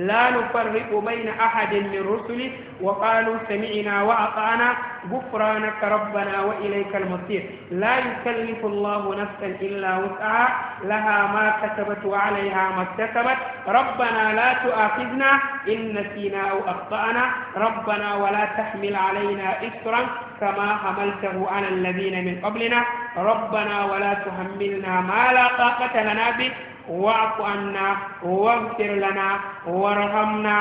لا نفرق بين أحد من رسله وقالوا سمعنا وأطعنا غفرانك ربنا وإليك المصير لا يكلف الله نفسا إلا وسعها لها ما كسبت وعليها ما اكتسبت ربنا لا تؤاخذنا إن نسينا أو أخطأنا ربنا ولا تحمل علينا إسرا كما حملته على الذين من قبلنا ربنا ولا تحملنا ما لا طاقة لنا به واعف عنا واغفر لنا وارحمنا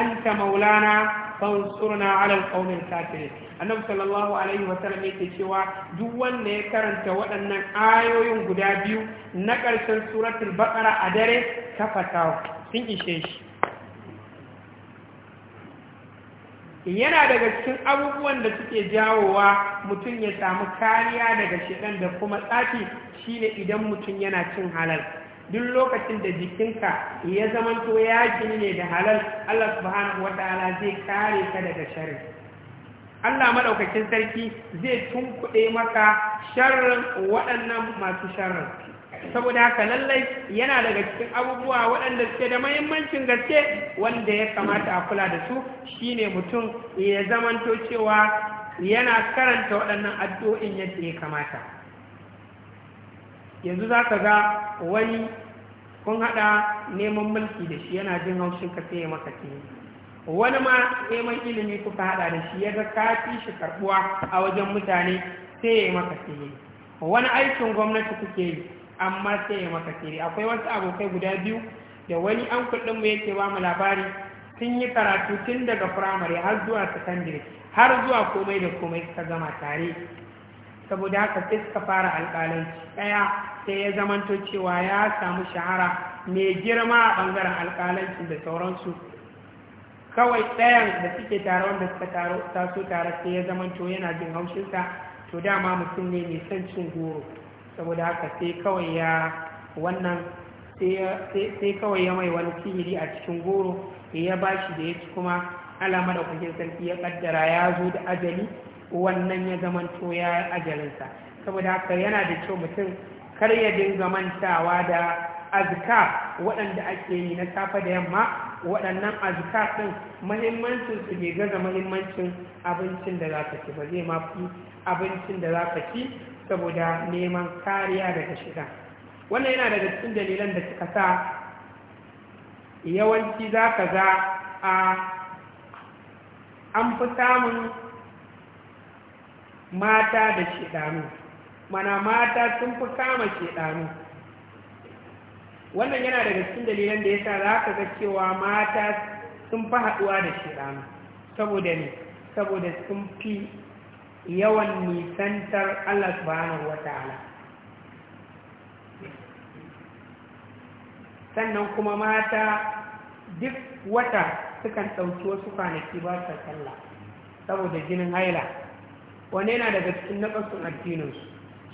أنت مولانا فانصرنا على القوم الكافرين annabi sallallahu alaihi wasallam yake cewa duk wanda ya karanta waɗannan ayoyin guda biyu na ƙarshen suratul baqara a dare kafatawa sun ishe shi yana daga cikin abubuwan da suke jawowa mutum ya samu kariya daga shiɗan da kuma tsafi shine idan mutum yana cin halal duk lokacin da jikinka ya zamanto ya gini ne da halal Allah subhanahu ta'ala zai kare ka daga sharri Allah madaukakin sarki zai tunkuɗe maka sharrin waɗannan masu sharrin saboda haka lallai yana daga cikin abubuwa waɗanda suke da mahimmancin gaske wanda ya kamata a kula da su shine mutum ya zamanto cewa yana karanta waɗannan addu'o'in yadda ya kamata yanzu za ka ga wani kun haɗa neman mulki da shi yana jin haushin ka sai ya maka wani ma neman ilimi kuka haɗa da shi ya ga kafi shi karɓuwa a wajen mutane sai ya yi maka wani aikin gwamnati kuke yi amma sai ya maka sirri akwai wasu abokai guda biyu da wani an kuɗin mu yake ba mu labari sun yi karatu tun daga firamare har zuwa sakandare har zuwa komai da komai suka gama tare saboda haka sai suka fara alƙalanci ɗaya sai ya zamanto cewa ya samu shahara mai girma a ɓangaren alƙalanci da sauransu kawai ɗayan da suke tare wanda suka taso tare sai ya zamanto yana jin haushinsa to dama mutum ne mai son cin goro saboda haka sai kawai ya wannan sai kawai ya mai wani sihiri a cikin goro ya ba shi da ya ci kuma alama da kuke sarki ya kaddara ya zo da ajali wannan ya zamanto ya ajalinsa saboda haka yana da kyau mutum kar ya dinga mantawa da azka waɗanda ake yi na safa da yamma waɗannan azka ɗin mahimmancin su bai gaza mahimmancin abincin da za ka ci ba zai mafi abincin da za ka ci saboda neman kariya daga shiga wannan yana daga cikin dalilan da suka sa yawanci za ka za a an fi samun mata da shidanu mana mata sun fi kama shidanu wannan yana daga cikin dalilan da ya sa za ka ga cewa mata sun fi haɗuwa da shidanu saboda ne saboda sun fi yawan nisantar Allah subhanahu wata'ala sannan kuma mata duk wata sukan ɗauki wasu kwanaki ba su sallah saboda jinin haila wane yana daga cikin naƙasun addininsu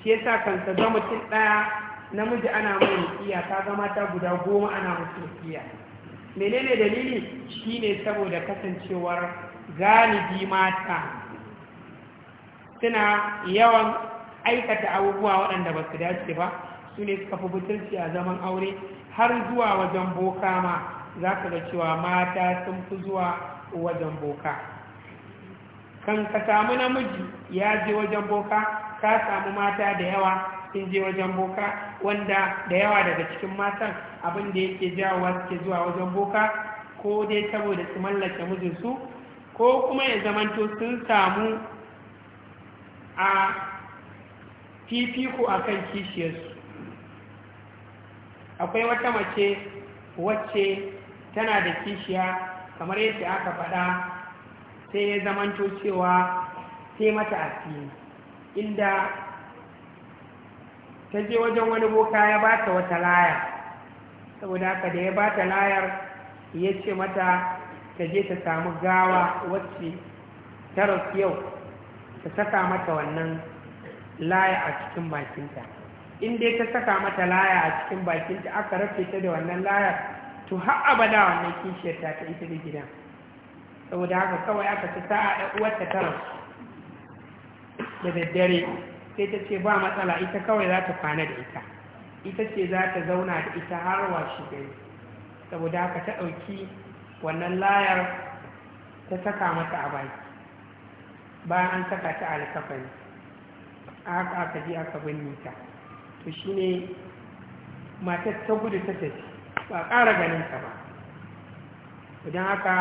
shi yasa kan kansa? zama cin ɗaya namiji ana mai rukiya ka zama ta guda goma ana musu rukiya menene dalili ne saboda kasancewar galibi mata suna yawan aikata abubuwa waɗanda ba su dace ba su ne suka fi butulci a zaman aure har zuwa wajen boka ma za ka ga cewa mata sun fi zuwa wajen boka kan ka samu namiji ya je wajen boka ka samu mata da yawa sun je wajen boka wanda da yawa daga cikin matan abin da yake jawowa suke zuwa wajen boka ko dai saboda su mallake mijinsu ko kuma ya zamanto sun samu a fifiko a kan kishiyarsu akwai wata mace wacce tana da kishiya kamar yadda aka faɗa sai ya zamanto cewa sai mata a fiye. inda ta je wajen wani boka ya ba ta wata layar, saboda haka da ya ba ta layar ya ce mata ta je ta samu gawa wacce ta rasu yau ta saka mata wannan laya a cikin bakinta in dai ta saka mata laya a cikin bakinta aka rafe ta da wannan layar to har abada wannan kishiyar ta ta ita da gidan saboda haka kawai aka ci sa'a da uwarta ta rasu da daddare sai ta ce ba matsala ita kawai za ta kwana da ita ita ce za ta zauna da ita har washe gari saboda haka ta ɗauki wannan layar ta saka mata a baki bayan an saka ta alkafani a haka aka ji aka binne ta to ne matar ta gudu ta tafi ba ƙara ganin ta ba idan haka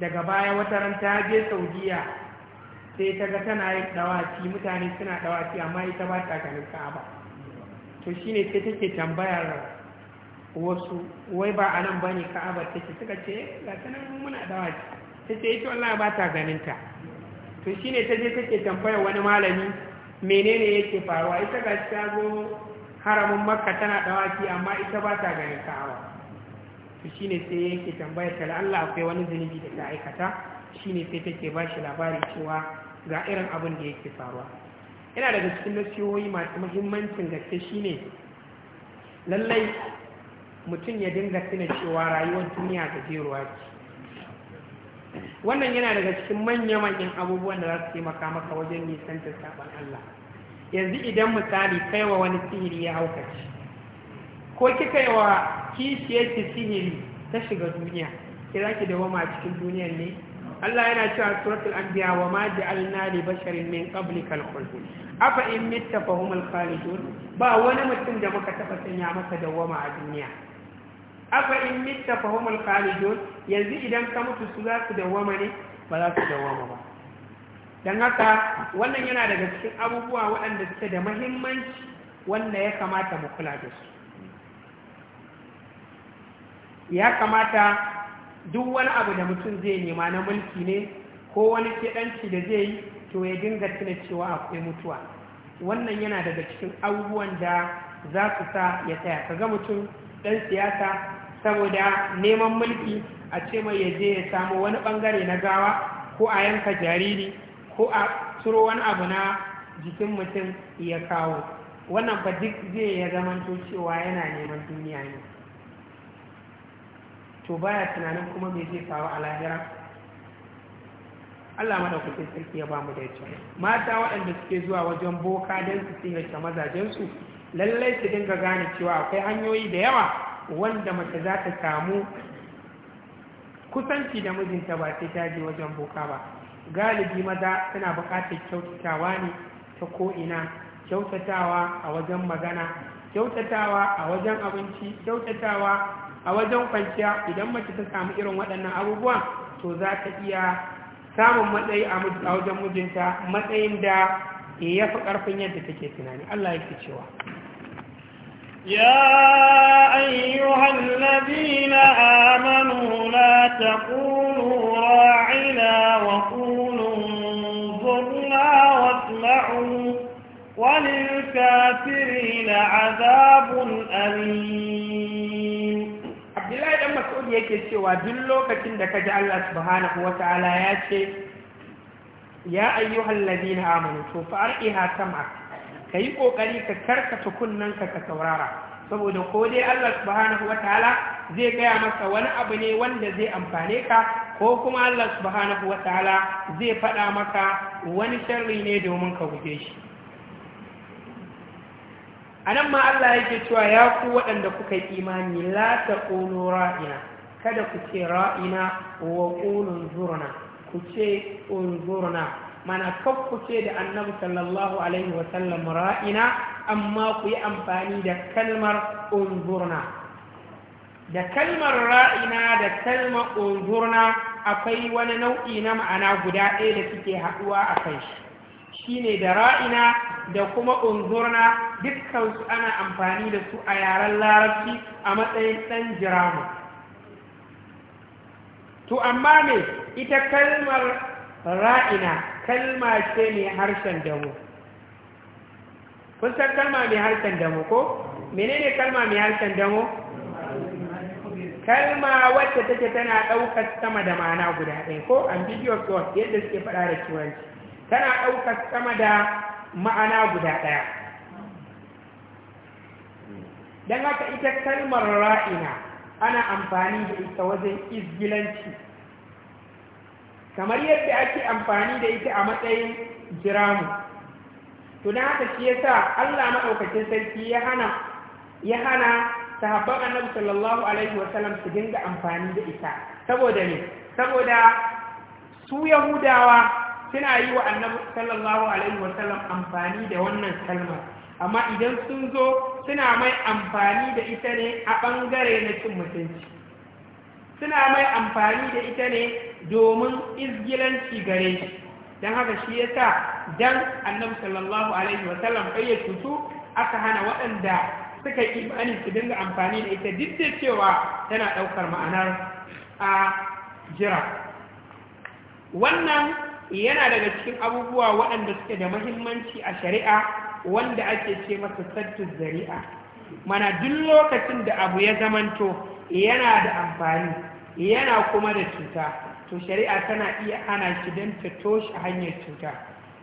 daga baya wata ran ta je saudiya sai ta ga tana yin dawaci mutane suna dawaci amma ita ba ta ganin ka'aba to shi ne sai take tambayar wasu wai ba a nan bane ka'aba take suka ce eh, ga tanan muna dawaci ta ce ita wallahi ba ta ganin ta to ne ta je take tambaya wani malami menene yake faruwa ita ga ta zo haramin makka tana dawaki amma ita ba ta ganin ka'awa to ne sai yake tambaya ta Allah akwai wani zunubi da ta aikata shine sai take ba shi labari cewa ga irin abin da yake faruwa yana daga cikin nasihohi masu muhimmancin gaske shine lallai mutum ya dinga tuna cewa rayuwar duniya gajeruwa ce wannan yana daga cikin manya-manyan abubuwan da za su taimaka maka wajen nisan ta saban Allah yanzu idan misali kai wa wani sihiri ya haukaci ko kika yi wa ki sihiri ta shiga duniya ki za ki dawo ma cikin duniyar ne Allah yana cewa suratul anbiya wa ma ja'alna li basharin min al khuld afa in mitta fa khalidun ba wani mutum da muka taba sanya maka dawama a duniya afa in mitta fahimul khalidun yanzu idan ka mutu su za su dawwama ne ba za su dawwama ba Dan haka wannan yana daga cikin abubuwa waɗanda suke da mahimmanci wanda ya kamata mu kula da su ya kamata duk wani abu da mutum zai nema na mulki ne ko wani keɗanci da zai yi to ya dinga tuna cewa akwai mutuwa wannan yana daga cikin abubuwan da za su sa ya tsaya ga mutum ɗan siyasa saboda neman mulki a ce mai yaje ya samu wani bangare na gawa ko a yanka jariri ko a turo wani abu na jikin mutum ya kawo wannan ba duk zai ya zamanto cewa yana neman duniya ne to baya tunanin kuma mai zai kawo a lahira Allah kuke sarki ya ba mu da yace mata waɗanda suke zuwa wajen boka don su tsira mazajensu lallai su dinga gane cewa akwai hanyoyi da yawa wanda mace za ta samu kusanci da mijinta ba sai ta je wajen boka ba galibi maza suna bukatar kyautatawa ne ta ko'ina kyautatawa a wajen magana kyautatawa a wajen abinci kyautatawa a wajen kwanciya idan mace ta samu irin waɗannan abubuwan to za ta iya samun matsayi a wajen mijinta matsayin da ya fi ƙarfin yadda take tunani Allah yake cewa يا أيها الذين آمنوا لا تقولوا راعنا وقولوا انظرنا واسمعوا وللكافرين عذاب أليم عبد الله بن مسعود yake cewa duk lokacin da ji Allah subhanahu wataala ya ce ya ayyuhal ladina amanu to fa ka yi ƙoƙari ka karkata kunnanka ka saurara saboda ko dai Allah subhanahu wataala zai gaya maka wani abu ne wanda zai amfane ka ko kuma Allah subhanahu wataala zai faɗa maka wani sharri ne domin ka guje shi anan ma Allah yake cewa ya ku waɗanda kuka yi imani la taqulu ra'ina kada ku ce ra'ina wa qulu zurna ku ce unzurna mana kakkuce da annabi sallallahu alaihi ra'ina amma ku yi amfani da kalmar unzurna da kalmar ra'ina da kalmar unzurna akwai wani nau'i na ma'ana guda ɗaya da suke haɗuwa a kai shi shine da ra'ina da kuma unzurna dukkansu ana amfani da su a yaren larabci a matsayin ɗan jiramu to amma ne ita kalmar ra'ina kalma ce mai harshen damo kun san kalma mai harshen damo ko menene kalma mai harshen damo kalma wacce take tana ɗaukar sama da ma'ana guda ɗaya ko ambiguous word yadda suke faɗa da turanci tana ɗaukar sama da ma'ana guda ɗaya don haka ita kalmar ra'ina ana amfani da ita wajen izgilanci kamar yadda ake amfani da ita a matsayin jiramu to haka shi yasa Allah maɗaukacin sarki ya hana ya hana sahabban annabi sallallahu alaihi wasallam su dinga amfani da ita saboda ne saboda su yahudawa suna yi wa annabi sallallahu alaihi wasallam amfani da wannan kalmar amma idan sun zo suna mai amfani da ita ne a ɓangare na cin mutunci suna mai amfani da ita ne domin izgilanci gare shi don haka shi ya sa don annabi sallallahu alaihi wasallam bai cutu aka hana waɗanda suka yi imani su dinga amfani da ita duk da cewa tana ɗaukar ma'anar a jira wannan yana daga cikin abubuwa waɗanda suke da mahimmanci a shari'a wanda ake ce masa sattu zari'a mana duk lokacin da abu ya zamanto yana da amfani yana kuma da cuta to shari'a tana iya hana shi don ta toshe hanyar cuta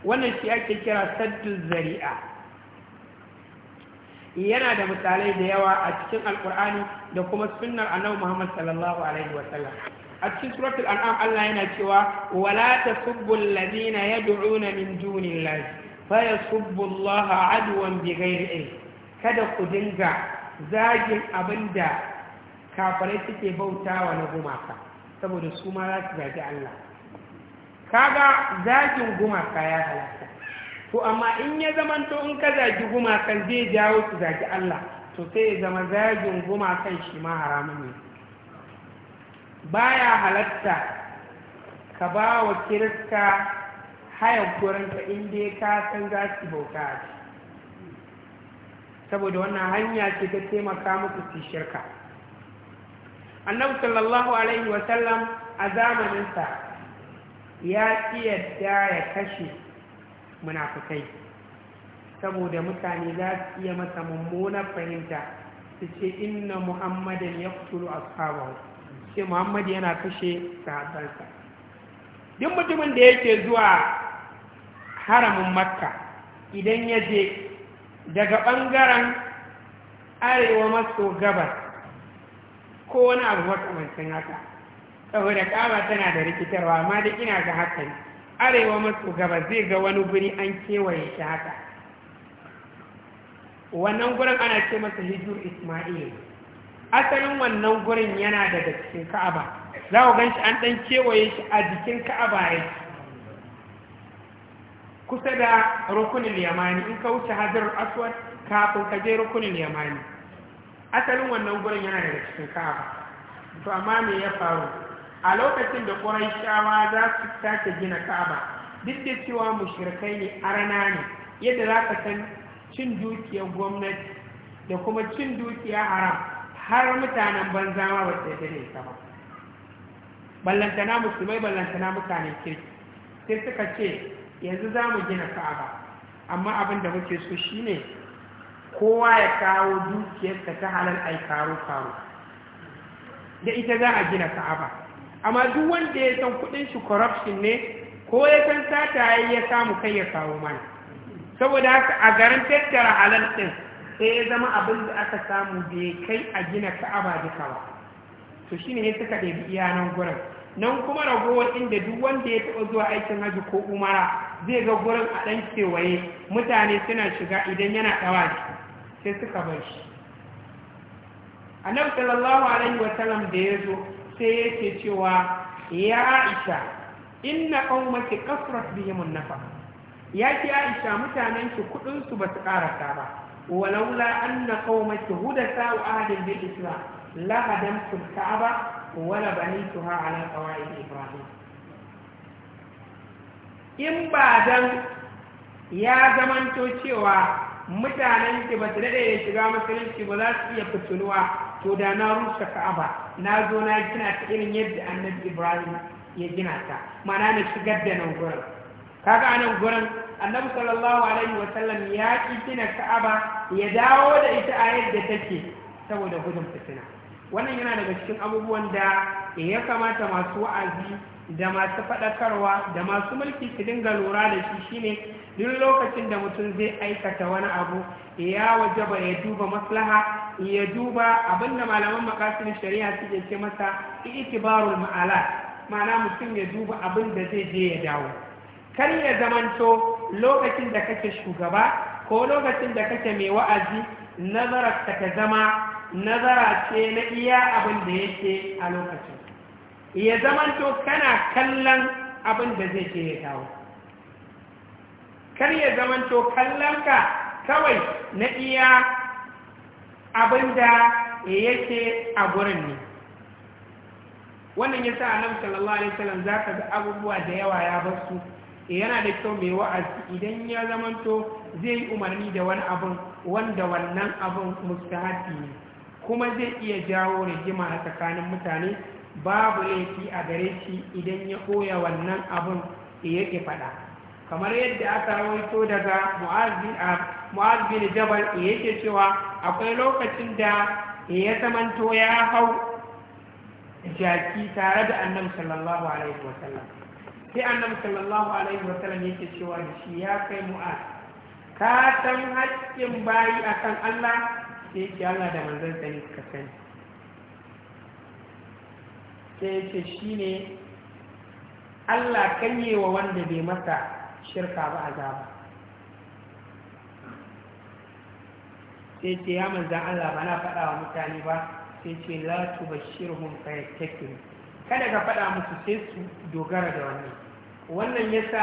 wannan shi ake kira saddun zari'a yana da misalai da yawa a cikin alkur'ani da kuma sunnar annabi muhammad sallallahu alaihi wasallam a cikin suratul an'am Allah yana cewa wala tasubbu alladhina yad'una min dunillahi fa yasubbu allaha adwan bighairi kada ku dinga zagin abinda kafare kafarai suke bautawa na gumaka saboda su ma za su zagi Allah kaga zagin gumaka ya halatta to amma in ya zama to in ka zagi gumakan zai jawo su zagi Allah to sai ya zama zagin gumakan shi ma haramun ne baya halatta ka ba wa kirista hayan kuranta inda ya kasan za su bauta a ciki saboda wannan hanya ce ta taimaka muku su shirka annabi sallallahu alaihi wasallam a zamaninsa ya ƙi yadda ya kashe munafukai saboda mutane za su iya masa mummunar fahimta su ce inna muhammadin ya kuturu ashabahu ce muhammad yana kashe sahabansa duk mutumin da yake zuwa haramin makka idan ya je daga ɓangaren arewa maso gabas ko wani abu makamancin haka da ƙaba tana da rikitarwa amma da ina ga haka arewa maso gabas zai ga wani guri an kewaye shi haka wannan gurin ana ce masa hijir ismail asalin wannan gurin yana daga cikin ka'aba za ku gan shi an ɗan kewaye shi a jikin ka'aba yake kusa da rukunin yamani in ka wuce hajjar aswad kafin ka je rukunin yamani asalin wannan gurin yana daga cikin ka'aba to amma me ya faru a lokacin da shawa za su sake gina ka'aba duk da cewa mushirkai ne rana ne yadda za ka san cin dukiyar gwamnati da kuma cin dukiya haram har mutanen banza ma ba sai dare ta ba ballantana musulmai ballantana mutane kirki sai suka ce yanzu za mu gina ka'aba amma abin da muke so shine kowa ya kawo dukiyarsa ta halal ai karo karo da ita za a gina ka'aba amma duk wanda ya san kudin shi corruption ne ko ya san sata ya ya samu kai ya kawo mana saboda haka a garin tattara halal din sai ya zama abin da aka samu bai kai a gina ka'aba duka ba to shine ya suka ɗabi iya gurin nan kuma ragowar inda duk wanda ya taɓa zuwa aikin haji ko umara zai ga gurin a ɗan kewaye mutane suna shiga idan yana ɗawa sai suka bar shi annabi sallallahu alaihi wa sallam da ya zo sai yake cewa ya aisha inna qaumaki kasrat bihim an-nafa ya ki aisha mutanen ki kudin su ba. su karasa ba walaula anna qaumaki hudasa wa ahli al islam la hadamtu al-ka'aba ولبنيتها على قواعد إبراهيم in ba dan ya zamanto cewa mutanen ki ba su daɗe da shiga musulunci ba za su iya fituluwa to da na rushe ka'aba na zo na gina ta irin yadda annabi ibrahim ya gina ta mana na shigar da nan gurin kaga a nan gurin annabi sallallahu alaihi wa sallam ya ki gina ka'aba ya dawo da ita a yadda take saboda gudun fitina wannan yana daga cikin abubuwan da ya kamata masu wa'azi da masu faɗakarwa da masu mulki su dinga lura da shi shine duk lokacin da mutum zai aikata wani abu ya waje ba ya duba maslaha ya duba abinda malaman makasin shari'a suke ce masa itibarul ma'ala ma'ana mutum ya duba abin da zai je ya dawo kar ya zamanto lokacin da kake shugaba ko lokacin da kake mai wa'azi nazararka ta zama nazara ce na iya abin da yake a lokacin ya zamanto kana kallon abin da zai ce ya kawo kar ya zamanto ka, kawai na iya abin da yake a gurin ne wannan ya sa annabi sallallahu alaihi wasallam zaka ga abubuwa da yawa ya basu, su yana da kyau mai wa'azi idan ya zamanto zai yi umarni da wani abin wanda wannan abin mustahabi ne kuma zai iya jawo rigima a tsakanin mutane babu laifi a gare shi idan ya koya wannan abin da yake faɗa kamar yadda aka rawaito daga ah, mu'az bin jabal da yake cewa akwai lokacin da ya zamanto ya hau jaki tare da annabi sallallahu alaihi wasallam sai annabi sallallahu alaihi wasallam yake cewa shi ya kai mu'az ka san haƙƙin bayi akan Allah sai yake Allah da manzan sani ka sani sai shi ne Allah yi wa wanda bai masa shirka ba azaba sai ce ya manzan Allah ba na faɗa wa mutane ba sai ce Latu ba shirhun fayyattakin kada ka faɗa musu sai su dogara da wannan wannan yasa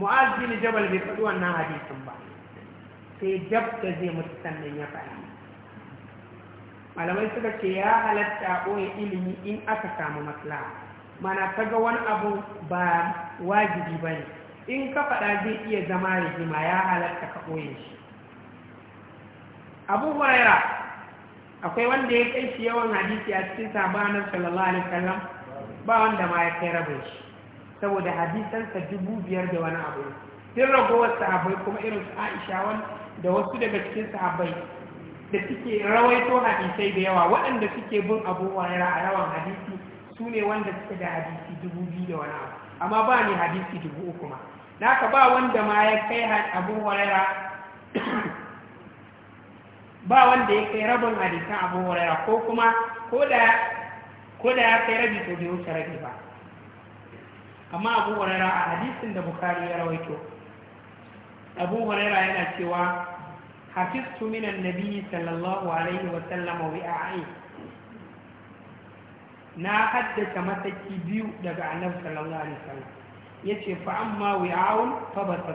sa bin jabal bai faɗi wannan hadisin ba sai dab da zai mutu sannan ya faɗi malamai suka ce ya halatta a ɓoye ilimi in aka samu matsala, mana ta ga wani abu ba wajibi ba ne in ka faɗa zai iya zama jima ya halatta ka ɓoye shi abu huraira akwai wanda ya kai shi yawan hadisi a cikin sabanar sallallahu alaihi wasallam ba wanda ma ya kai rabin shi saboda hadisansa dubu biyar da wani abu sun ragowar sahabai kuma irin su aisha wani da wasu daga cikin sahabbai da suke rawaito hadisai da yawa waɗanda suke bin abu yara a yawan hadisi su ne wanda suke da hadisi dubu biyu da wani abu amma ba ne hadisi dubu uku ma naka ba wanda ma ya kai abu yara ba wanda ya kai rabin hadisan abu yara ko kuma ko da ya kai rabi to bai wuce rabi ba amma abu yara a hadisin da bukari ya rawaito abu huraira yana cewa حفظت من النبي صلى الله عليه وسلم وعائه na haddata mataki biyu daga annabi sallallahu alaihi wasallam yace fa amma wi'aun fa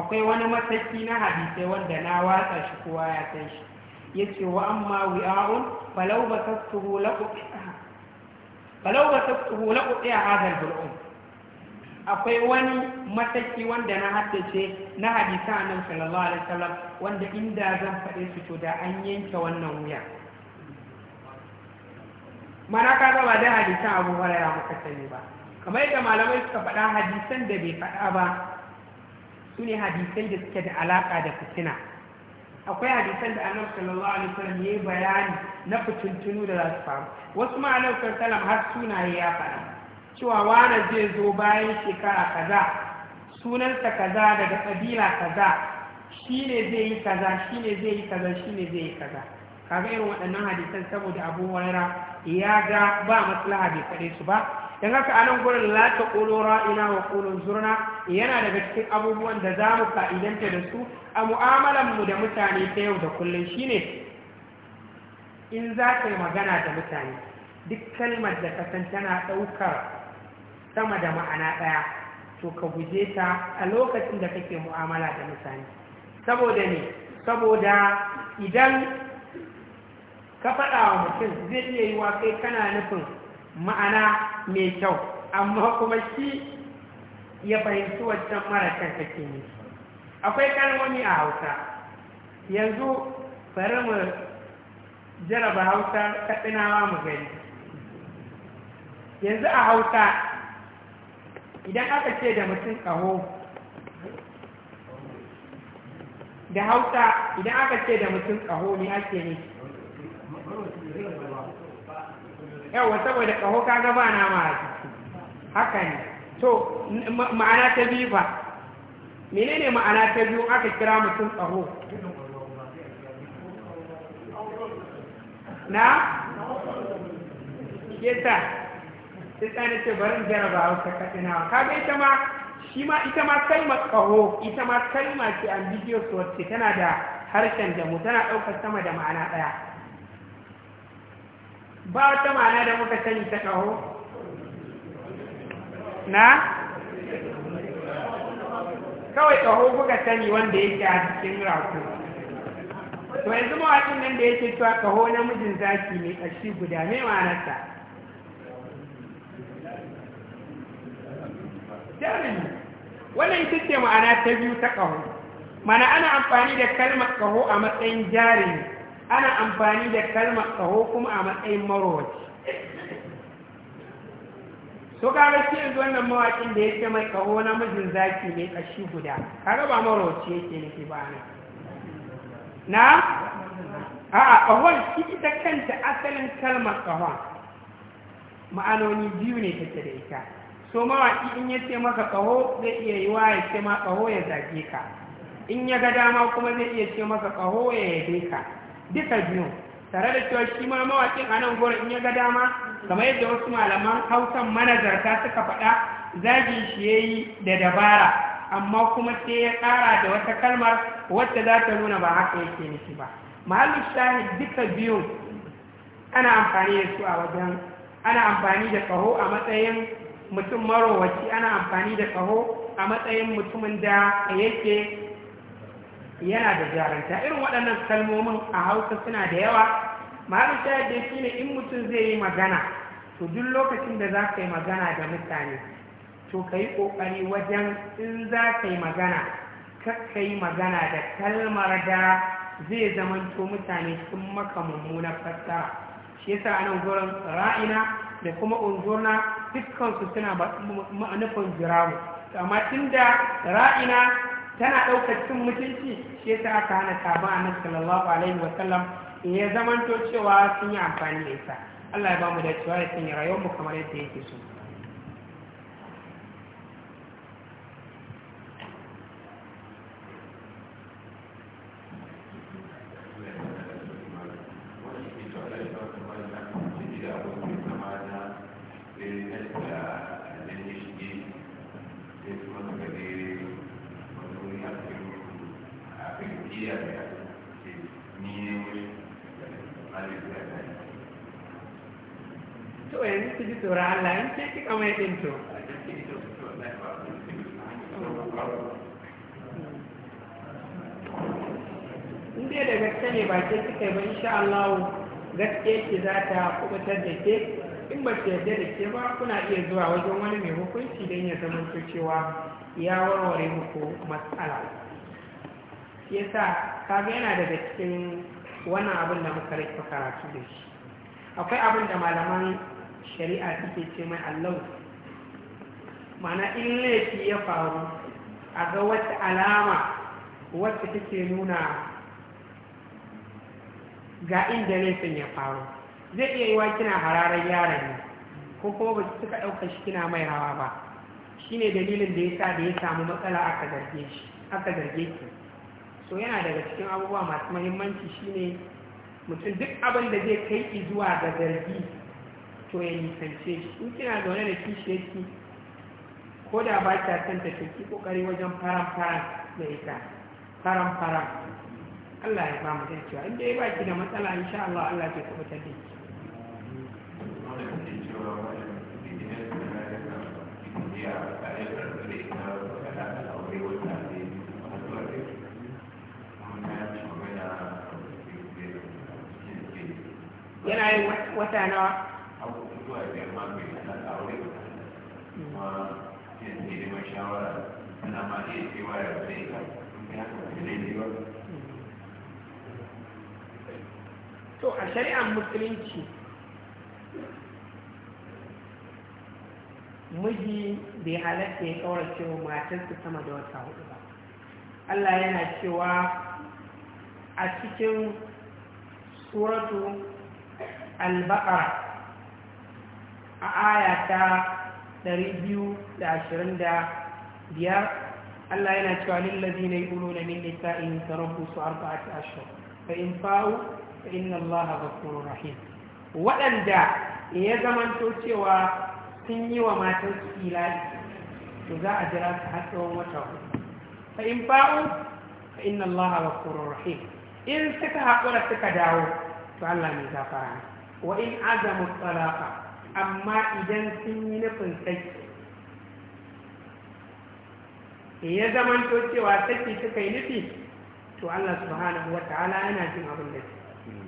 akwai wani mataki na hadisai wanda na watsa shi kowa ya san shi yace wa amma wi'aun falau basastuhu la uqiha falau basastuhu la akwai wani mataki wanda na haddace na hadisa nan sallallahu alaihi wasallam wanda inda zan faɗe su to da an yanke wannan wuya mana ka ba da hadisan Abu Hurairah muka sani ba kamar yadda malamai suka faɗa hadisan da bai faɗa ba su ne hadisan da suke da alaƙa da fitina akwai hadisan da annabi sallallahu alaihi wasallam yi bayani na fitintunu da za su faru wasu ma annabi sallallahu alaihi wasallam har sunaye ya faɗa cewa wane zai zo bayan shekara kaza sunansa kaza daga ƙabila kaza shi ne zai yi kaza shi zai yi kaza shi zai yi kaza kaga irin waɗannan hadisan saboda abu waira ya ga ba maslaha bai faɗe su ba don haka anan nan gurin la ta ƙulo ra'ina wa ƙulon zurna yana daga cikin abubuwan da za mu ka'idanta da su a mu'amalanmu da mutane ta yau da kullum shine in za ka yi magana da mutane duk kalmar da kasan tana ɗaukar sama da ma'ana ɗaya to ka guje ta a lokacin da kake mu'amala da mutane saboda ne saboda idan ka faɗa wa mutum zai iya yi wa kai kana nufin ma'ana mai kyau amma kuma shi ya fahimci waccan kan kake ne akwai kalmomi a hausa yanzu bari mu jaraba hausa kaɗinawa mu gani yanzu a hausa idan aka ce da mutum ƙaho da hausa idan aka ce da mutum ƙaho ne ake ne yawa saboda ƙaho ka gaba na mara haka ne to ma'ana ta biyu ba menene ma'ana ta biyu aka kira mutum ƙaho na? yasa sai tsani ce barin jaraba hausa katsinawa kaga ita ma shi ma ita ma kalma kaho ita ma kalma ce ambiguous wacce tana da harshen jamu tana ɗaukar sama da ma'ana ɗaya ba wata ma'ana da muka sani ta kaho na kawai kaho kuka sani wanda yake a cikin raku to yanzu mawaƙin nan da yake cewa kaho namijin zaki ne ƙashi guda mai ma'anarsa jarumi wannan ita ce ma'ana ta biyu ta ƙaho mana ana amfani da kalmar ƙaho a matsayin jarumi ana amfani da kalmar ƙaho kuma a matsayin marowaci so kaga shi yanzu wannan mawaƙin da yake mai ƙaho na mijin zaki ne ƙashi guda kaga ba marowaci yake nufi ba na na a'a ƙahon ita kanta asalin kalmar ƙahon ma'anoni biyu ne take da ita to mawaƙi in ya ce maka ƙaho zai iya yi wa ya ce ma kaho ya zage ka in ya ga dama kuma zai iya ce maka ƙaho ya yabe ka duka biyu tare da cewa shi ma mawaƙin a nan gurin in ya ga dama kamar yadda wasu malaman hausan manazarta suka faɗa zagin shi ya yi da dabara amma kuma sai ya ƙara da wata kalmar wacce za ta nuna ba haka yake nufi ba mahallin shahid duka biyu ana amfani da su a wajen ana amfani da kaho a matsayin mutum marowaci ana amfani da kaho a matsayin mutumin da yake yana da jaranta irin waɗannan kalmomin a hausa suna da yawa ma'arin shayar da shi ne in mutum zai yi magana to duk lokacin da za ka yi magana da mutane to ka yi ƙoƙari wajen in za ka yi magana ka yi magana da kalmar da zai zamanto mutane sun maka mummunar fassara shi yasa nan ra'ina da kuma unzurna dukkansu suna nufin jiramu amma tunda ra'ina tana ɗaukar cin mutunci shi yasa aka hana sabon annabi sallallahu alaihi wa sallam ya zamanto cewa sun yi amfani da ita Allah ya ba mu da cewa ya sanya rayuwar mu kamar yadda yake so insha Allah Gaske ce za ta kubutar da ke in ba ce yarda da ke ba kuna iya zuwa wajen wani mai hukunci don ya zama cewa ya warware muku matsala shi sa kaga yana daga cikin wannan abin da muka rike karatu da shi akwai abin da malaman shari'a suke ce mai allau mana in laifi ya faru a ga wata alama wacce take nuna ga inda laifin ya faru zai iya yi wa kina hararar yaron ne ko kuma ba suka ɗauka shi kina mai hawa ba shi ne dalilin da ya sa da ya samu matsala aka zarge shi ki so yana daga cikin abubuwa masu mahimmanci shine mutum duk abin da zai kai ki zuwa ga zargi to ya nisance shi in kina zaune da kishiyarki ko da ba ta san ta ki kokari wajen faran faran da ita faran faran Allah ya ba mu da cewa inda ya baki da matsala insha Allah Allah zai kubutar da ki yana yin wata nawa shawara ana ma iya cewa ya zai ka ya kuma zai ne ba to a shari'ar musulunci miji bai halatta ya kawar cewa matarsa sama da wata hudu ba Allah yana cewa a cikin suratu al-baqara a aya ta 225 Allah yana cewa na ulo na min nisa'in arba'a ta ashhur fa in fa'u inna allaha ghafurur rahim waɗanda ya zamanto cewa sun yi wa matan su ilahi to za a jira su har tsawon wata hudu fa in ba'u fa inna allaha ghafurur rahim in suka haƙura suka dawo to Allah mai gafara wa in azamu talaqa amma idan sun yi nufin saki ya zamanto cewa saki suka yi nufi to Allah subhanahu wa ta'ala yana jin abin da su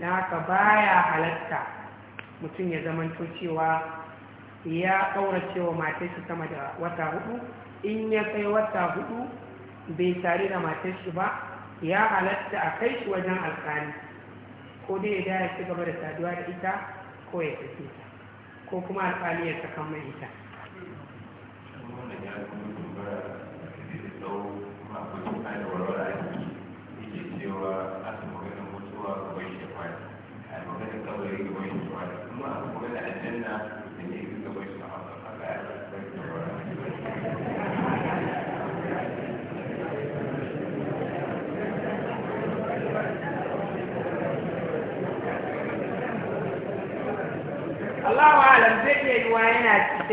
da haka baya halatta mutum ya zamanto cewa ya ƙaura cewa matashi sama da wata hudu in ya kai wata hudu bai tare da matashi ba ya halatta a kai shi wajen alkali ko dai ya ya ci gaba da saduwa da ita ko ya tafi ko kuma alkali ya saka mai ita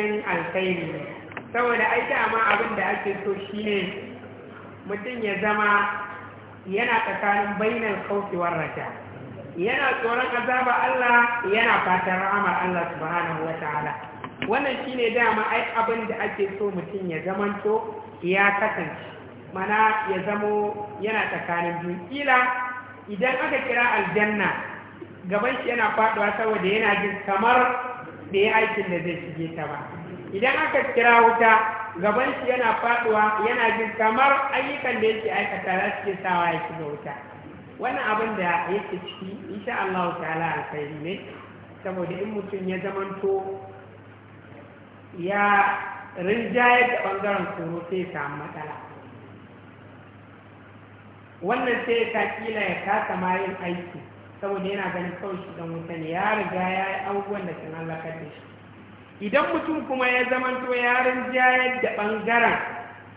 cikin alkhairi saboda ai dama abin da ake so shine mutum ya zama yana tsakanin bainar kaucewar raja yana tsoron azaba Allah yana fatan rahmar Allah subhanahu wataala wannan shine dama ai abin da ake so mutum ya zamanto ya kasance mana ya zamo yana tsakanin biyu idan aka kira aljanna gaban shi yana faɗuwa saboda yana jin kamar da ya aikin da zai shige ta ba idan aka kira wuta gaban yana faduwa yana jin kamar ayyukan da yake aikata za su ke sawa ya shiga wuta wannan abin da yake ciki sha Allah ta'ala alkhairi ne saboda in mutum ya zamanto ya rinjaye da bangaren tsoro sai ya samu matsala wannan sai ya kila ya kasa ma yin aiki saboda yana ganin kawai shi dan wuta ne ya riga ya yi abubuwan da sun halakar da shi idan mutum kuma ya zamanto yarin jayar da ɓangaren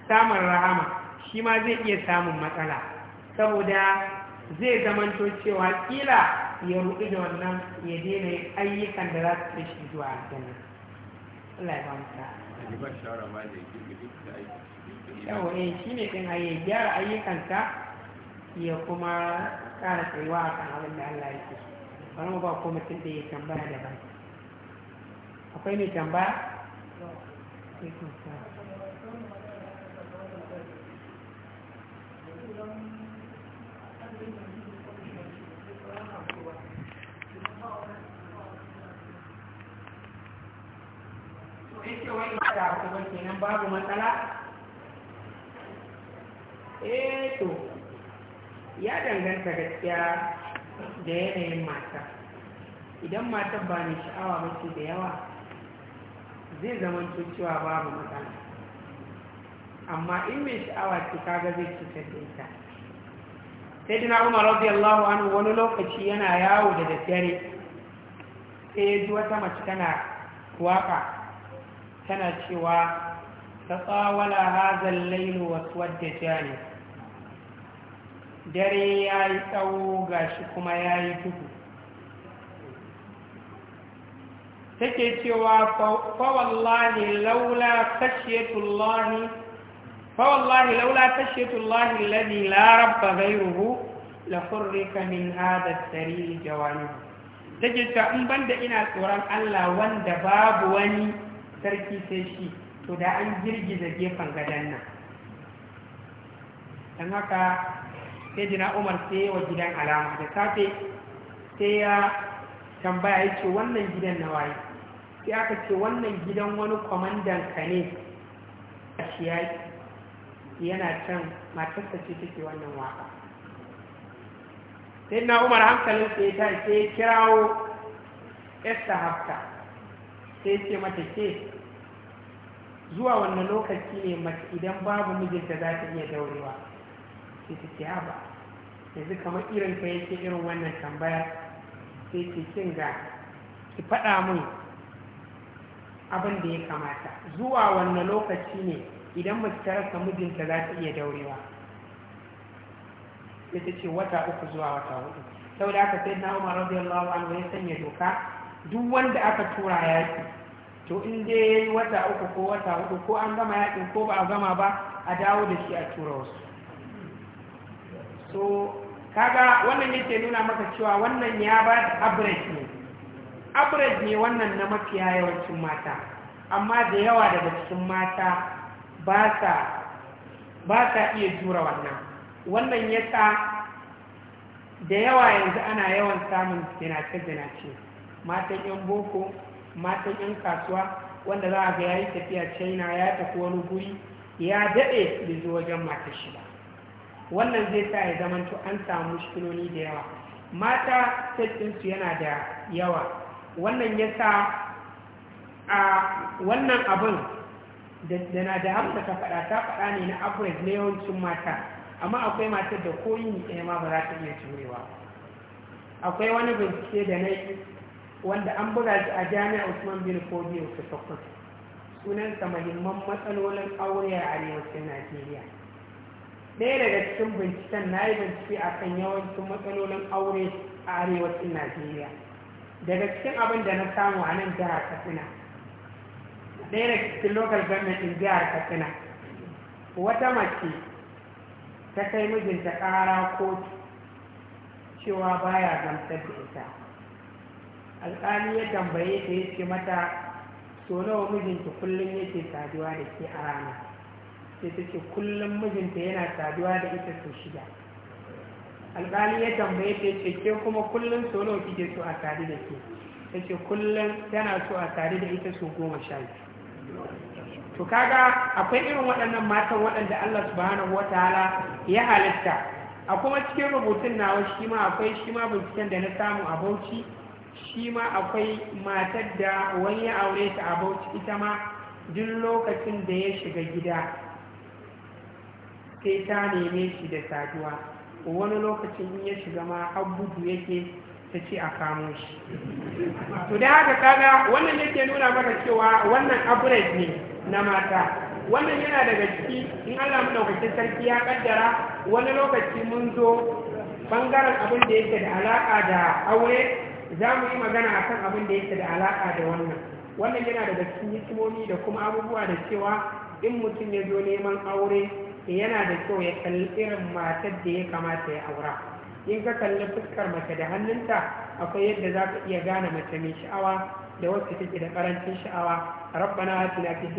samun rahama shi ma zai iya samun matsala saboda zai zamanto cewa kila ya rudu da wannan ya daina ayyukan da za su kai shi zuwa aljanna ba shi ne ɗin gyara ayyukansa ya kuma ƙara tsayuwa a kan abin da Allah ya ce mu ba ko mutum da ya tambaya daban akwai mai tambaya babu matsala? eh to ya danganta gaskiya da yanayin mata idan matan ba mai sha'awa mace da yawa zai zama cewa babu matsala amma in mai sha'awa ce kaga zai cutar da ita sai dina umar radiyallahu anhu wani lokaci yana yawo da daddare sai ya ji wata mace tana waka tana cewa ta tsawala hazan lailu wasu wadda jani dare ya yi tsawo gashi kuma ya yi duhu take cewa fawallahi laula kashiyatullahi fawallahi laula kashiyatullahi alladhi la rabba ghayruhu la furrika min hadha at-taril jawani take cewa in banda ina tsoron Allah wanda babu wani sarki sai shi to da an girgiza gefen gadan nan dan haka sai jina Umar sai wa gidan alama da safe sai ya tambaya yace wannan gidan na waye sai aka ce wannan gidan wani kwamandan ka ne a shiyaki yana can matarsa ce take wannan waka sai na umar hankalin sai ta sai kirawo esta hafta sai ce mata ke zuwa wannan lokaci ne mata idan babu mijinta za ta iya daurewa sai ta ce haba yanzu kamar irin ka yake irin wannan tambaya sai ce kin ga ki faɗa mun abin da ya kamata zuwa wanne lokaci ne idan mace ta rasa mijinta za ta iya daurewa ya ta ce wata uku zuwa wata hudu da aka sai na umar radiyallahu anhu ya sanya doka duk wanda aka tura yaki to in dai ya yi wata uku ko wata hudu ko an gama yakin ko ba a gama ba a dawo da shi a tura wasu so kaga wannan yake nuna maka cewa wannan ya ba da ne average ne wannan na mafiya yawancin mata amma da yawa daga cikin mata ba sa iya jura wannan wannan ya sa da yawa yanzu ana yawan samun zinace-zinace matan 'yan boko matan 'yan kasuwa wanda za a ga yayi tafiya china ya tafi wani guri ya daɗe da zuwa wajen mata shida wannan zai sa ya zamanto an samu shikiloli da yawa mata tattinsu yana da yawa wannan ya sa a wannan abin da na da hamsa ta faɗa ta faɗa ne na average na yawancin mata amma akwai matar da koyin ɗaya ma ba za ta iya turewa akwai wani bincike da na wanda an buga shi a jami'a usman bin kodiyo ta sakwas sunansa mahimman matsalolin aure a arewacin najeriya ɗaya daga cikin binciken na yi bincike akan yawancin matsalolin aure a arewacin najeriya daga cikin abin da na samu a nan jihar katsina ɗaya da cikin local government in jihar katsina wata mace ta kai mijinta ƙara kotu cewa baya gamsar da ita alƙali ya tambaye ta ya ce mata so nawa mijinta kullum yake saduwa da ke a rana sai ta ce kullum mijinta yana saduwa da ita sau shida alƙali ya tambaye ta ce ke kuma kullum so nawa kike so a tare da ke ta ce kullum tana so a tare da ita so goma sha to kaga akwai irin waɗannan matan waɗanda Allah subhanahu wataala ya halitta a kuma cikin rubutun nawa shi ma akwai shi ma binciken da na samu a bauchi shi ma akwai matar da wani ya aure ta a bauchi ita ma duk lokacin da ya shiga gida sai ta neme shi da saduwa wani lokacin ya shiga ma abubu yake ta ce a kamo shi to da haka kaga wannan yake nuna maka cewa wannan average ne na mata wannan yana daga ciki in Allah mu daukace sarki ya kaddara wani lokaci mun zo bangaren abin da yake da alaka da aure za mu yi magana a kan abin da yake da alaka da wannan wannan yana daga cikin hikimomi da kuma abubuwa da cewa in mutum ya zo neman aure yana da kyau ya kalli irin matar da ya kamata ya aura in ka kalli fuskar mace da hannunta akwai yadda za ka iya gane mace mai sha'awa da wasu take da ƙarancin sha'awa rabbana atina fi